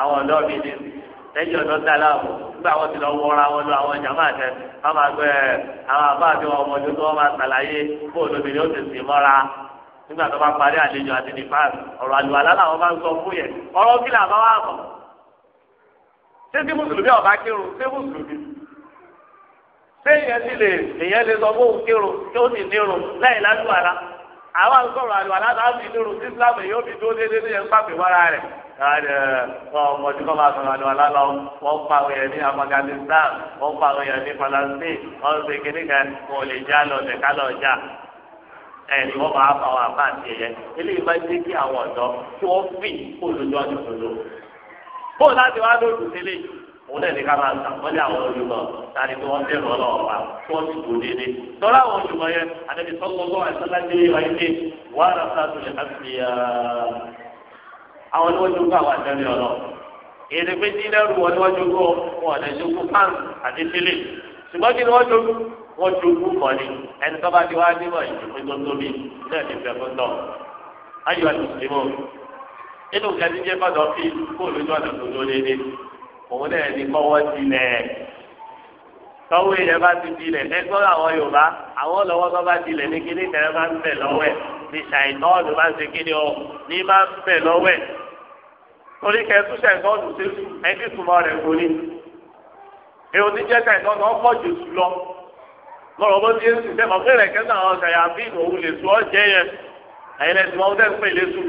àwọn ọ̀dọ́ mi ní lẹ́yìn ọ̀dọ́ dá láàbò nígbà wọn ti lọ wọra wọn lọ àwọn jàmbá tẹ wọn máa gbé àwọn àbá àti wọn ọmọ tuntun wọn máa ṣàlàyé bóòlù mi ni ó ti sìn mọ́ra nígbà tó bá parí àlejò àti nípaàsì ọ̀rọ̀ àlùwàlá làwọn máa ń sọ fún yẹn ọ̀rọ̀ kí làbá wà mọ̀ ṣé tí mùsùlùmí ọ̀bá kírun ṣé mùsùlùmí ṣé ìyẹn ti lè ìyẹn lè sọ fóun kírun tí ó sì nírun láì lálùwàlá àwọn àgbọ̀rọ̀ àlùwà látàbí lóru tí islam yóò fi dúró déédéé níyẹn pàpè wára rẹ̀ ọmọ tí kò bá sọ̀rọ̀ àlùwà lálọ́ wọ́n pa àwọn èèyàn ní Afghanistan wọ́n pa àwọn èèyàn ní Palestine wọ́n ṣe kíní kan kò lè já lọ nìka lọ já ẹni wọ́n máa fa àwọn àbá àti ẹ̀yẹ eléyìí máa jẹ́ kí àwọn ọ̀dọ́ kí wọ́n fi olùdó àti olùdó. bóòlù láti wá lóòdù sílé yìí òun náà ní ká máa sàpọ́lé àwọn olùmọ̀ tani tí wọ́n bẹ̀rù ọlọ́wọ́ pa tí wọ́n sì kú déédéé. tọ́lá àwọn olùmọ̀ yẹn àdébí sọ́kọ́kọ́ àìsọ́lá dé wáyé dé wà á rà àwọn ni wọ́n jogún àwọn àtẹ̀lé ọ̀nà èdè pé dínẹ́rù wọn ni wọ́n jogún wọn lè jogún pan àti sílẹ̀ ṣùgbọ́n kí ni wọ́n jogún wọ́n jogún mọ̀ ni ẹni tó bá ti wá nímọ̀ ìdìbò tó tóbi náà ti fẹ́ fún tọ̀ ayọ̀ àti mùsùlùmọ́ inú kẹ́tí jẹ́ fọ́dọ̀ fi kó olùjọ́ àti òdodo léde òun náà ní kọ́wọ́ tilẹ̀ tọ́wọ́ yẹn bá ti tilẹ̀ ẹgbẹ́ àwọn yorùbá àwọn lọ́wọ́ tó bá tilẹ̀ ní kíní tẹ̀lé máa ń bẹ̀ lọ́wọ́ ẹ̀ ní ṣàìtọ́ọ̀nù máa ń ṣe kíní ọ ní máa ń bẹ̀ lọ́wọ́ ẹ̀ torí kẹ́tù ṣàìtọ́ọ̀nù ṣe ẹbí túmọ̀ rẹ̀ kóní èyí oníjẹ́ ṣàìtọ́ọ̀nù ọ̀pọ̀ jù sùn lọ lọ́rọ̀ bó ti ń sùn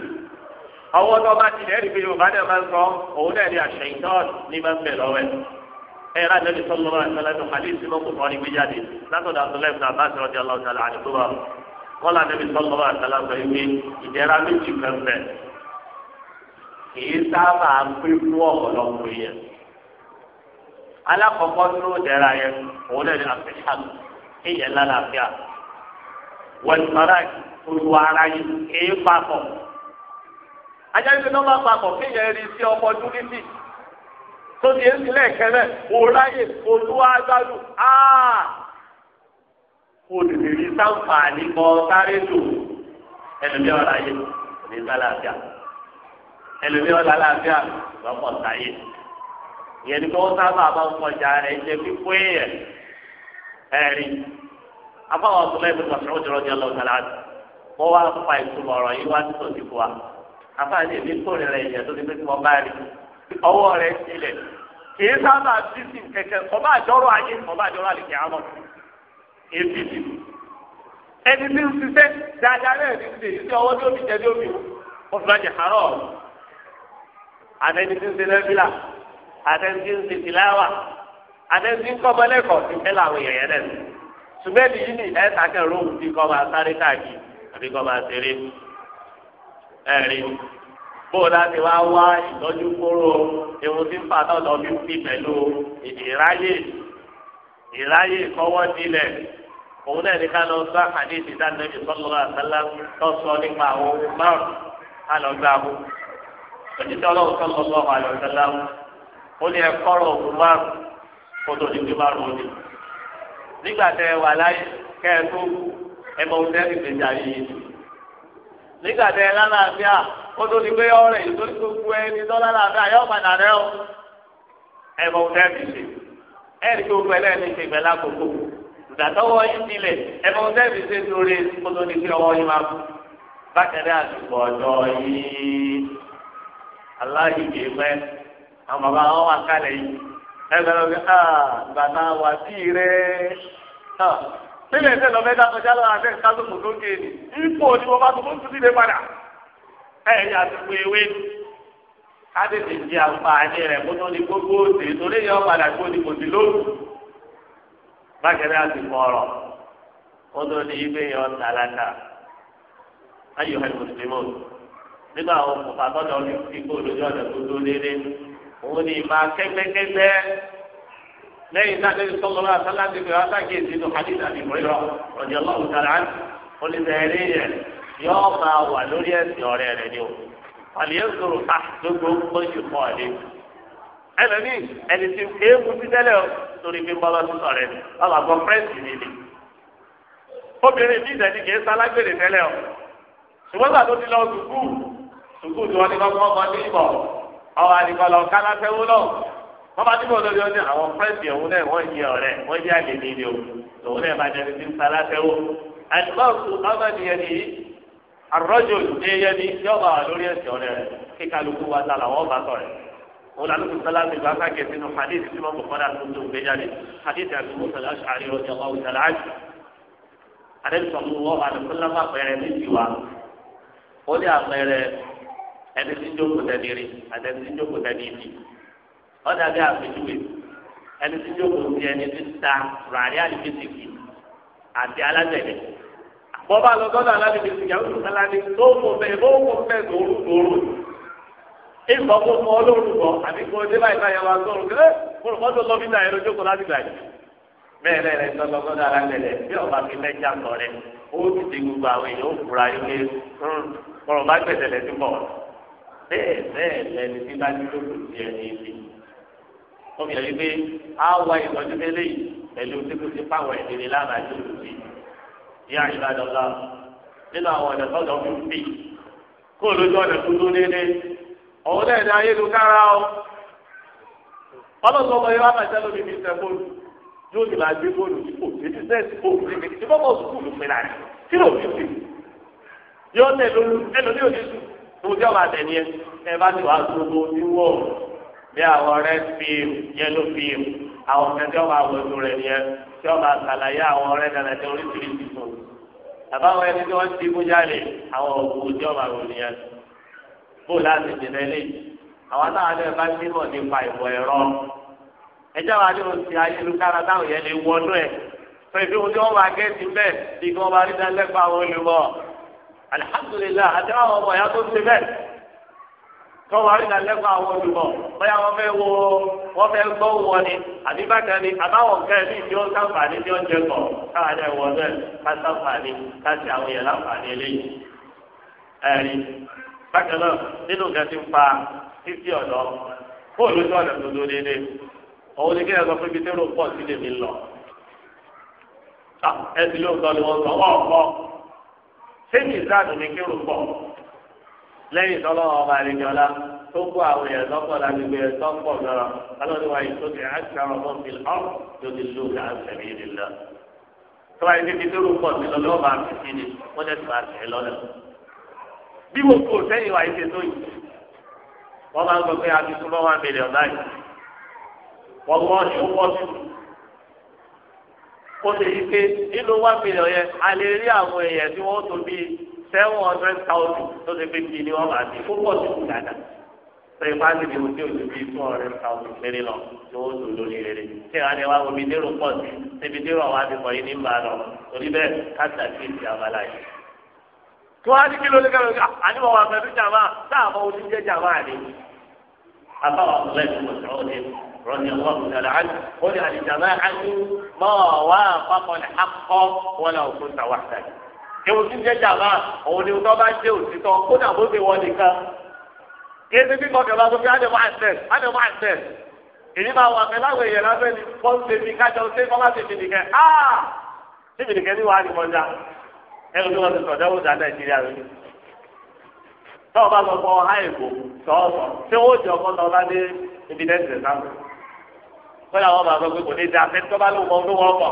àwọn tó bá tilẹ̀ rí pé yorùbá náà máa ń sọ òun náà ní àṣẹ ìtọ́ọ̀n ní máa ń bẹ̀ lọ́wọ́ ẹ̀. ẹ yẹra níbi sọlọ lọ́wọ́ àti ọlọ́dún àti ìsinmi kò fọ́ ní gbé jáde látọ̀dọ̀ àtúnlẹ̀ ìfúnà bá sọ̀rọ̀ di ọlọ́run tàlà àdúgbò wa. wọ́n là níbi sọlọ lọ́wọ́ àti ọlọ́dún ìwé ìdẹ́ra méjì pẹ́pẹ́. kìí sábà pé fún ọ̀pọ̀lọpọ̀ yẹn. alákọ̀ọ́kọ́ ajáde tó bá papọ̀ kéèyàn rí sí ọkọ̀ dúrísì tó ti ń sílẹ̀ kẹlẹ̀ òráyè olúwàgbàlù áà kò tètè rí sáǹfààní kan sáré tò ẹlòmí ọ̀la yẹ ní sálàáfíà ẹlòmí ọ̀la láàfíà lọ́pọ̀ sáyé ìyẹn ni kí wọ́n sábà máa ń kọjá rẹ̀ jẹ́ pípé yẹn ẹ̀rí afọwọ́sọ̀lá ìbùdó ọ̀sán òjòrò ọjọ́ lọ́kàlá wọ́n wá fa ìtumọ̀ ọ̀rọ̀ yìí wá sí tòsí fún wa àfààní èmi kórìíra èèyàn tó ti pé kí wọ́n bá rí ọwọ́ rẹ̀ sílẹ̀ kì í sábà bísí kẹ̀kẹ́ ọba àjọrò ayé ọba àjọrò àlìkè àmọ́ èmi bì ẹni tí ń ṣiṣẹ́ dáadáa rẹ̀ ní ti ṣe ọwọ́ tí ó fi jẹ́ tí ó fi wọ́n fi bàjẹ́ àárọ̀ àtẹni tí ń ṣe lẹ́bílà àtẹni tí ń ṣe tìláwà àtẹni tí ń kọ́ bọ́lẹ́kọ̀ọ́ ti fẹ́ làwọn èèyàn yẹn náà ṣùgbọ́n èmi yìí ni ẹ̀ ẹ̀rí bóò láti wá wá ìtọ́jú kóró ewu tí ń fà náà lọ fífi pẹ̀lú ìráyè ìráyè kọ́wọ́ nílẹ̀ òun náà ní ká lọ sọ àdéhìí ìdánilẹ́bí sọ́lọ́lá àtàlá tó nípa àwọn ohun márùn ká lọ òjijì ọlọ́run ó ní ohun di pé márùn nígbà tẹ wà láyé nígbà tẹ lálàáfíà ó tó ti pé ọ̀rẹ́ yìí tó gbogbo ẹni tó lálàáfíà yóò padà rẹ ẹ ohun tẹ́ẹ̀mì ṣe ẹ ní kí o pẹ̀lẹ́ ní ṣe pẹ̀lá kókó ìdàtọ́wọ́ yín nílẹ̀ ẹ mọ ohun tẹ́ẹ̀mì ṣe lórí kó tó ní kí ọwọ́ yín máa kú bákẹ́rẹ́ àdúgbò ọ̀dọ́ yìí aláìgbè pẹ́ àwọn bàbá wọn wà kálẹ̀ yìí ẹ sílẹ̀ ẹsẹ̀ lọ́mọ ẹ̀dá kọjá lọ́wọ́ àti ẹ̀ka lóko lókè ni ipò ni mo bá tó fún títí lè padà ẹ̀yà ti pé ewé kádìsì di àǹfààní rẹ̀ kó tó ní gbogbo òsè torí yẹn padà kó ní kò sí lóru bákẹ́rẹ́ àti kọ̀ọ̀rọ̀ kó tó ní ibé yẹn tàlàkà ayò ẹ̀ mùsùlùmọ́ nígbà àwọn òkùnfà tọ́jọ́ ní kíkó lójú ọ̀nà tó tó déédéé òun ni ìmọ̀ akẹ́gbẹ́kẹ́gbẹ́ lẹ́yìn tí a lè sọ lọ́wọ́ àtàlà ti fẹ́ wáṣáké sínú hadith àti ìmọ̀lẹ́rọ̀ ọ̀dì ọlọ́run tàrà án olùdarí rẹ̀ yóò máa wà lórí ẹ̀sìn ọ̀rẹ́ rẹ̀ ni o àlìyé sọ̀rọ̀ ta gbogbo gbọ́jú kọ́ ọ̀dẹ́ ẹlẹ́ni ẹni tí kéékù ti tẹ́lẹ̀ o torí pé bọ́lá ti sọ rẹ̀ bàbá gbọ́ fẹ́ǹsì ni ni obìnrin bí ìdẹ́ni kìí sálágbèrè tẹ́lẹ̀ o ṣùgbọ́n tó ti lọ sùkúù sùkúù tí wọ́n ti kọ́ wọ́n bá dúpọ̀ lórí ọdún àwọn fúrẹ́ǹdì ọ̀hún náà wọ́n yí ọ̀rẹ́ wọ́n yí àgbègbè ni o òun náà bá jẹun ti ń sara fẹ́wò. àdìbọ́ọ̀sù ọmọnìyàn ni àrọ́jò ìdíyẹn ni yóò bá wà lórí ẹ̀sìn ọ̀rẹ́ rẹ̀ kí kálukú wa ta làwọn bá sọ̀rẹ̀. òun làlú kò sálá mi gbàgbà kẹsì nù hadith tí wọn kò kọ́dà tó tó gbé jáde hadith àti mùsàlá àrí ọjà wa òjà láàjù. àdẹ́sọ̀mù wọ́n ọ̀dà bí àpèjúwe ẹni tí jókòó ti ẹni tí ta ràrí àlìbísìkì àti alágbẹ̀dẹ. bọ́bá lọ sọ́dọ̀ alábìbísìkì àwọn olùkọ́ládé tó mọ bẹ́ẹ̀ bó mọ bẹ́ẹ̀ lóru lóru. ìgbọ́ kó mọ olórúkọ àbí kó dé báyìí báyìí wá sọ̀rọ̀ kéré kó tó lọ bíbá ẹ̀rọ jókòó láti gbà yìí. bẹ́ẹ̀ bẹ́ẹ̀ rẹ̀ sọ́dọ̀ sọ́dọ̀ alágbẹ̀dẹ bí ọba fi mẹ́jà sọ rẹ̀ ti di gbogbo wọ́n fi ẹ̀rí pé á ìtọ́jú mélé yìí pẹ̀lú tíkútí páwọn ìdílé lánàá tó lù sí. Bí àyíká dọ́là nínú àwọn ọ̀nà tọ́jọ́ fún mi kó lójú ọ̀nà tó tó dédé. Ọ̀hún náà ní ayélujára o. Ọlọ́sọ ọmọ yẹn wá máa sẹ́lómi ní sẹ́fóònù. Yóò ti máa gbé fóònù tí kò sí bísẹ́ẹ̀sì fóònù tí kì í sùkúlù pé Kí ló fi sí? Yóò tẹ̀ lólu ẹ bí àwọn red film yellow film àwọn kan tí wọ́n máa wọ inú rẹ̀ yẹn tí wọ́n máa ṣàlàyé àwọn ọ̀rẹ́ dàda tí oríṣiríṣi fún un àbáwọn ẹni tí wọ́n ti kú jáde àwọn òògùn tí wọ́n máa wọ nìyẹn bó láti dènà eléyìí àwọn táwọn ẹ̀ bá nímọ̀ nípa ìmọ̀ ẹ̀rọ ẹjọ́ wa ni mo ti ayélujára táwọn yẹn lè wọnú ẹ̀ pẹ̀lú ohun tí wọ́n máa gé ti bẹ́ẹ̀ bí kí wọ́n bá rí tọ́wọ́ àrídàlẹ́kọ̀ọ́ àwọn olùkọ́ bóyá wọ́n fẹ́ wo wọ́n fẹ́ gbọ́ wọn ni àbí bàtà ni àbáwọn kẹ́ẹ̀lì tí ó sáǹfààní tí ó jẹ kọ̀ káàdà ìwọ̀n náà ká sáǹfààní ká sí àwọn èèyàn láǹfààní eléyìí. ẹ̀rí bákan náà nínú nǹkan ti ń pa títí ọ̀dọ́ fóònù tí ọ̀dọ̀ tó dúró déédéé òun ni kí ẹ sọ pé ibi tí ó pọ̀ sí lèmi lọ. ẹ̀sìn ló ń ni wọ́n sọ lẹ́yìn tọ́lọ́wọ́ ọba àlejòọ́lá tó kó àwọn èèyàn lọ́pọ̀ lágbègbè rẹ̀ tó ń pọ̀ lọ́rọ̀ alọ́dúnwá ìtòkè àṣàrò mọ́ fi ọ́ tó ti lù ká sẹ̀mí ìrìlá. tọ́wá yìí ti dúró pọ̀ sí lọ́lọ́ bá fi sí ni wọ́n lè fà sẹ́ lọ́lẹ̀. bí mo kò sẹ́yìn wá ìṣe tó yìí wọ́n máa ń gbọ́ pé a ti súnmọ́ wá mílíọ̀n báyìí wọ́n wọ́n ní seven hundred thousand tó ṣe pé bí ni wọ́n máa di púpọ̀ sí i dáadáa tó ipa sì ni mo ti òjò bíi two hundred thousand péré lọ tó o lò lórí rere tí a ní wá omi dérò pọ̀ sí síbi dérò àwọn àdìpọ̀ yìí ní ìbára torí bẹ́ẹ̀ káàtà sí ìdí abala yìí. tí wọ́n á ní kí ló ní kẹ́lò ká àníwọ̀ wà pẹ̀lú jàmá táà mọ ojú jẹ́ jàmá ni. àbáwọ̀ ọ̀lẹ́ ìgbọ̀nsẹ̀ ọ̀dẹ رضي الله تعالى عنه قل الجماعة ما وافق الحق ولو كنت وحدك ewu tí ń jẹ́ jàmbá òun ni wọ́n bá jẹ́ òtítọ́ bó ti wọ nìkan. yéésì bí kọ̀ọ̀kan bá tó fi ádẹ́mọ́ àṣẹ ádẹ́mọ́ àṣẹ èyí máa wà pẹ́ láwọn èèyàn lábẹ́ ni wọ́n ṣe kájọ ṣe kọ́ má fi nìkẹ́ áà ah! ṣé fi nìkẹ́ ní wàá ní mọ́jà ẹ̀rù tí wọ́n ti sọ̀dọ̀ wò dá nàìjíríà lónìí. tọ́wọ́ bá lọ fọ àìkú sọ̀ọ́sọ̀ ṣé wọ́n jẹ́ ọkọ tọ́ bá dé ibi nẹ́ẹ̀sì sáàmù. kọ́lá wọn bá sọ pé kò ní dáa fẹ́ tọ́ bá lóun mọ́ ọdún wọn kọ̀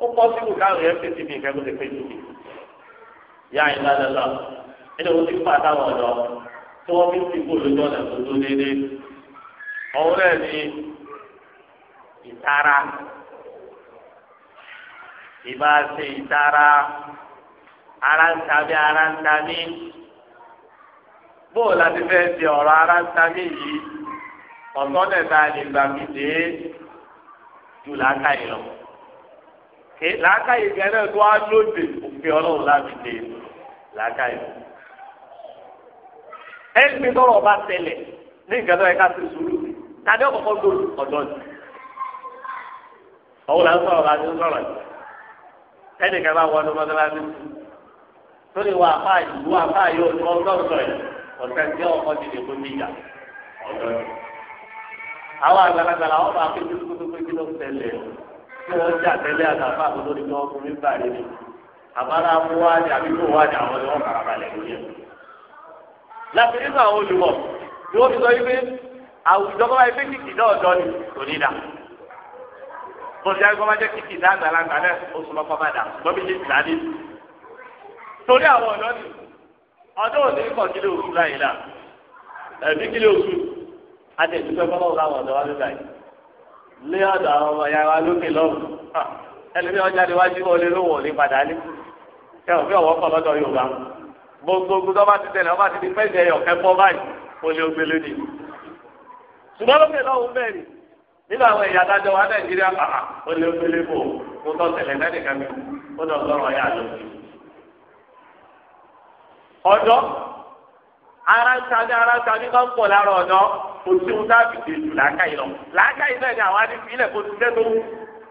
ó pọ́ sínú káwọn yẹn fèsì bí nǹkan tó ti fèsì bí. yá ìlà lọ́lọ́ ẹni wọ́n ti fún àtàwọn ọ̀dọ́ tí wọ́n fi ń sìnkú lójú ọ̀nà tó tó déédéé. ọ̀hún náà ni ìtara ìbá ṣe ìtara ara ń tàbí ara ń tàbí bóò láti fẹ́ di ọ̀rọ̀ ara ń tàbí yìí ọ̀tọ́ nẹ̀ta lè gbà mí dé jù láàkàyè lọ kí làákàyè gẹ́gẹ́ náà tó wá lóde òfin ọlọ́run láti dé làákàyè. ẹgbẹ́ tọrọ ọba tẹlẹ̀ ní nǹkan tó yẹ ká ti sùúrù tàbí ọkọ̀ọ̀kan gbòòrò ọ̀dọ́ ni. ọ̀hún là ń sọ̀rọ̀ láti ń sọ̀rọ̀ yìí. ẹnìkan bá wọnú mọ́tàlásí lórí wa apá ìlú apá yóò tó ọgọ́sọ̀ yìí ọ̀sẹ̀ tí ọkọ̀ ti lè kó níjà ọ̀dọ́ yìí. àwọn àgbàlagbà làwọn máa fi kí ló kí tí wọ́n jà tẹ́lẹ̀ àtàfà olórí náà fún mi gbà lé mi àbára wájà àbí kò wájà àwọn ni wọ́n fara balẹ̀ lórí ẹ̀. láti nínú àwọn olùmọ̀ ni wọ́n fi sọ wípé àwùjọ bá wáyé pé kìkì náà dán ni kò ní dà. mo ti àgbọ̀ máa jẹ́ kìkì dá àgbàlagbà náà ó sọ lọ́kọ́ bá dà ṣùgbọ́n mi ti tì láti. torí àwọn ọ̀dọ́ ni ọdún òní kọ̀ kílé oṣù láyé náà ẹ̀mí kílé oṣù àti ìdúpẹ́ fọlọ́wọ́ lé ọ̀dọ̀ àwọn ọmọ ya wa lókè lọ́wọ́ ẹlẹ́mi ọjà ni wájú wọn lé lówó ní padà ní ẹ ò fi ọ̀wọ́ kọ́ lọ́dọ̀ Yorùbá gbogbogbò tó bá ti tẹ̀lé ọba ti di fẹ́ẹ̀jẹ̀ yọ̀ kẹ́kọ́ báyìí ó lé ogbélé ni. ṣùgbọ́n lókè lọ́wọ́ bẹ́ẹ̀ ni nínú àwọn ẹ̀yà adájọ́ wa Nàìjíríà pàpà ó lé ogbélé kò mo tọ́ tẹ̀lé mẹ́nìkan mi ó lọ sọ̀rọ̀ ọ̀yà lọ. ọ̀dọ́ ara ń ta ní ara ń ta ní kọ́ ń pọ̀ lára ọ̀dọ́ kò sí ohun tá a fi dèjù làákàyè lọ làákàyè náà ni àwọn adìsí ilẹ̀ kò sí dé tó wù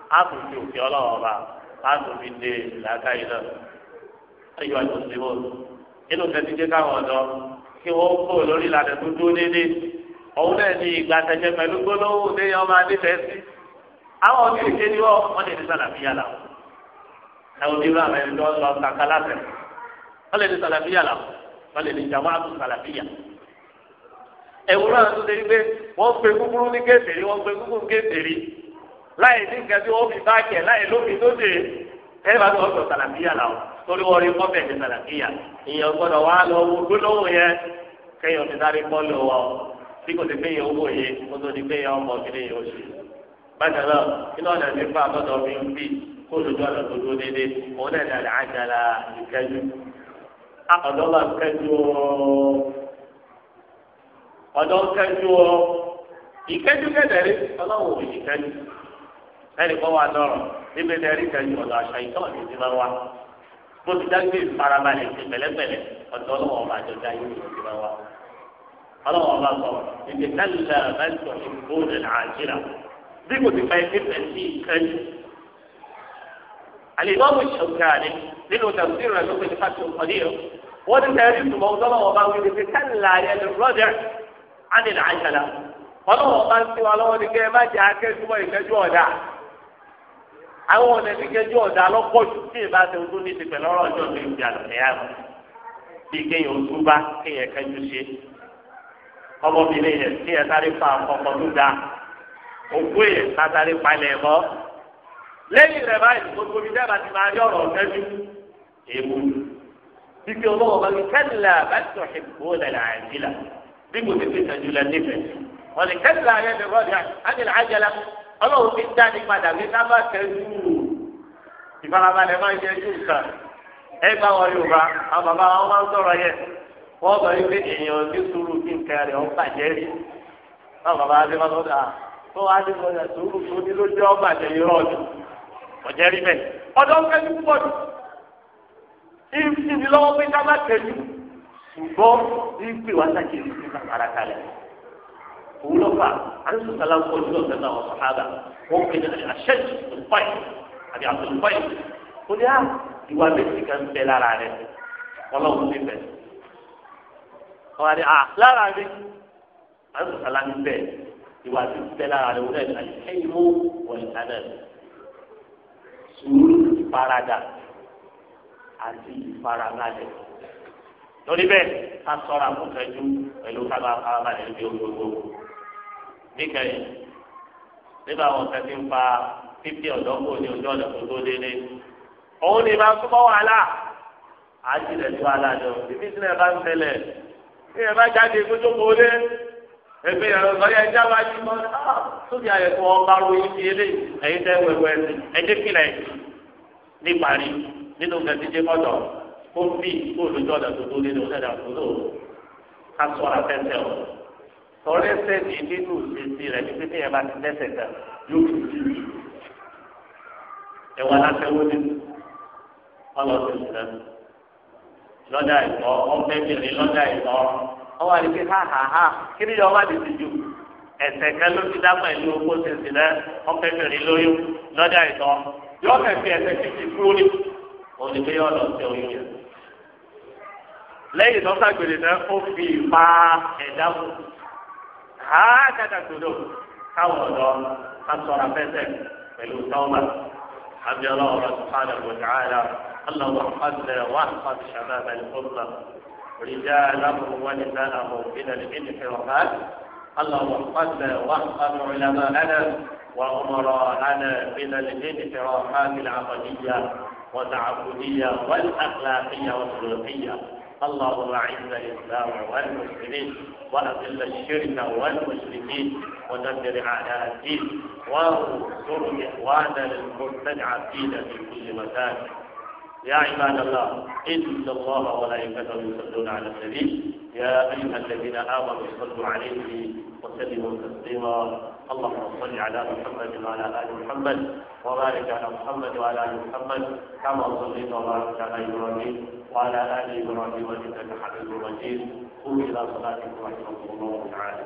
á kò sí òkè ọlọ́wọ́ ọba á kò fi dé làákàyè náà ayọ̀ àti òṣèlú inú tẹ̀sí jẹ́ káwọn ọ̀dọ́ kí wọ́n kó lórí ìlànà tó dúró déédéé òun náà ni ìgbà tẹ̀jẹ̀ pẹ̀lú gbólóhùn déyàn máa nífẹ̀ẹ́ sí àwọn ọdún ìṣe ni wọ́n wọ́n lè ní sàlàfíà làwọn ẹ̀wọ̀n ní ìlànà ẹ̀dọ́ lọ kàkà láfẹ̀ẹ́ wọ́n lè ní sàlàfíà làwọn wọ́n lè ní jàmáàtù sàlàfíà ẹ̀wù náà tó débi pé wọ́n pe kúkúrú ní kéferì wọ́n pe kúkúrú kéferì láì ní nǹkan tí wọ́n fi bá kẹ̀ láì lómi tó dé ẹ bá tó ọ̀sọ̀ sàlàkíyà làwọn torí wọ́n rí kọ́fẹ̀ ní sàlàkíyà ìyẹn gbọ́dọ̀ wá lọ wo gbólóhùn yẹn kéèyàn ti dárí bọ́ọ̀lù wọ bí kò ti pé yẹn owó yẹn kó tó di pé yẹn ọmọ kílé yẹn oṣù bákan náà iná ọ̀nà náà ọ̀dọ́ kẹjú ọ ìkẹjú kẹdẹrí ọlọ́wọ́ òyìn kẹjú ẹnì kan wà lọ́rọ̀ níbi dẹrí kẹjú ọ̀dọ̀ àṣà ìtọ́wọ̀ ti ti máa wá bó ti dágbé ìfarabalẹ̀ ti pẹ̀lẹ́pẹ̀lẹ́ ọ̀dọ̀ ọlọ́wọ́ ọba àjọjà yìí ti máa wá ọlọ́wọ́ ọba sọ ìdí kálíà mẹ́tọ̀ ìgbóhùn àjìrà bí kò ti fẹ́ nífẹ̀ẹ́ sí ìkẹjú. الإمام الشوكاني لأنه تفسير لكتب الفتح القدير وده تاريخ الموضوع وما في كان لا الرجع ánìlà àṣàlà ọlọ́wọ́ bá ń tiwa lọ́wọ́ ni kẹ́ ẹ má jẹ́ akẹ́kọ̀ọ́ ìkẹ́jú ọ̀dà àwọn ọ̀nà ìkẹ́jú ọ̀dà lọ́pọ̀ jù tí ìbá ṣe ojú ní ti pẹ̀lú ọ̀rọ̀ ọjọ́ mi ìgbà lọ́yà rẹ̀ bí kéèyàn ojú bá kéèyàn kẹ́jú ṣe ọmọbìnrin yẹn kéèyàn sáré fa ọkọ̀ tó dáa òkú yẹn sáré palẹ̀ mọ́ lẹ́yìn rẹ̀ báyìí gbogbo mi dábàá ti máa rí ọ̀rọ̀ kẹ́jú èèmù bí kí ọlọ́wọ́ bá mi kẹ́lá bá ti sọ̀rọ̀ bí kò tètè tẹ̀jú lẹ níbẹ̀. wọ́n ní kẹ́sìlá ayé mi rọ́ọ̀dì àjẹlẹ̀ àjẹlẹ̀ ọlọ́run ti dáni padà bí ká tẹ̀jú ìfarabalẹ̀ máa ń yẹ ju nǹkan. ẹ bá wọn yorùbá àwọn bàbá wọn máa ń sọ̀rọ̀ yẹ wọ́n bá yí pé èèyàn ní sùúrù kí nǹkan rẹ̀ ń bàjẹ́ rí. báwọn bàbá sọ̀rọ̀ tó wá sùúrù tó ní lójú ṣùgbọ́n ní pè wá sákìrì ní sàmàrà kalẹ̀ òun lọ fà àdúgbò sàlá ń kọjú lọ sẹ́nà ọ̀sán àgbà wọ́n pè ní àṣẹ́jù ìpáyì àbí àtúnpáyì ó ní à ìwà mẹ́sì kan bẹ́ lára rẹ̀ ọlọ́run ti bẹ̀. ọ̀rọ̀ àdé à lára mi àdúgbò sàlá ń bẹ̀ ìwà ti bẹ́ lára rẹ̀ wọlé àṣẹ́yìn mú sùúrù ìfaradà àti ìfarabalẹ̀ lórí bẹ́ẹ̀ ká sọ̀rọ̀ àmúkẹ́jú pẹ̀lú kábà kábà ní ibi gbogbo. níkẹyìn nígbà wọn kẹ́ ti ń pa fífi ọ̀dọ́ kò ní ojú ọ̀dọ́ tó tó délé. òun ni máa súnmọ́ wàhálà àjìnlẹ̀ tó wàhálà jọ bíbí sílẹ̀ bá ń tẹ̀lẹ̀ bí ẹ bá jáde kótó kó dé ẹgbẹ́ yàrá ọ̀gáyà ẹja wá ní mọ́ sóbì ayẹ kó ọba ròyìn fi ilé ó bí olùjọ́ ọ̀dà nínú ọ̀dà tó lò o tọ́lẹ́ sẹ́ni nínú ìṣesí rẹ̀ ní pété yẹn bá ti dẹ́sẹ̀ tẹ̀ yóò fi jù jù ẹ̀wọ̀n aláfẹ́wọ́ nínú ọlọ́sẹ̀ ìṣẹ́ lọ́dà ìtọ́ ọ̀bẹ́bìnrin lọ́dà ìtọ́ ọwọ́ àdìgbé ha ha ha kí ni ọwọ́ àdìgbé jù ẹsẹ̀ kan ló ti dá pẹ̀lú owó ṣèṣì rẹ ọ̀bẹ́bìnrin lóyún lọ́dà ìtọ́ yọ̀ọ́kẹ́ fi ẹsẹ̀ kìkì kúrò ní òní pé yọ̀ọ́ lọ lẹ́yìn tó sàgbèrè náà ó fi ìpa ẹ̀dá wò á dàda gbòdò káwọn ọ̀dọ́ ká sọ̀rọ̀ afẹ́fẹ́ pẹ̀lú tọ́wọ́mà abiola ọ̀rọ̀ sùpàdé gbòdà àlà aláwọ̀ àpàtẹ wà àpàtẹ sàbàbà ìfọ̀gbà رجالا ونساءهم إلى الانحرافات اللهم احفظنا واحفظ علماءنا وأمراءنا من الانحرافات العقدية والتعبدية والأخلاقية والسلوكية اللهم اعز الاسلام والمسلمين واذل الشرك والمشركين ودمر اعداء الدين وانصر اخواننا المرتدعه في كل مكان يا عباد الله إن الله وملائكته يصلون على النبي يا أيها الذين آمنوا صلوا عليه وسلموا تسليما اللهم صل على محمد وعلى آل محمد وبارك على محمد وعلى آل محمد كما صليت وباركت على إبراهيم وعلى آل إبراهيم إنك حميد مجيد قم إلى صلاتكم رحمكم الله تعالى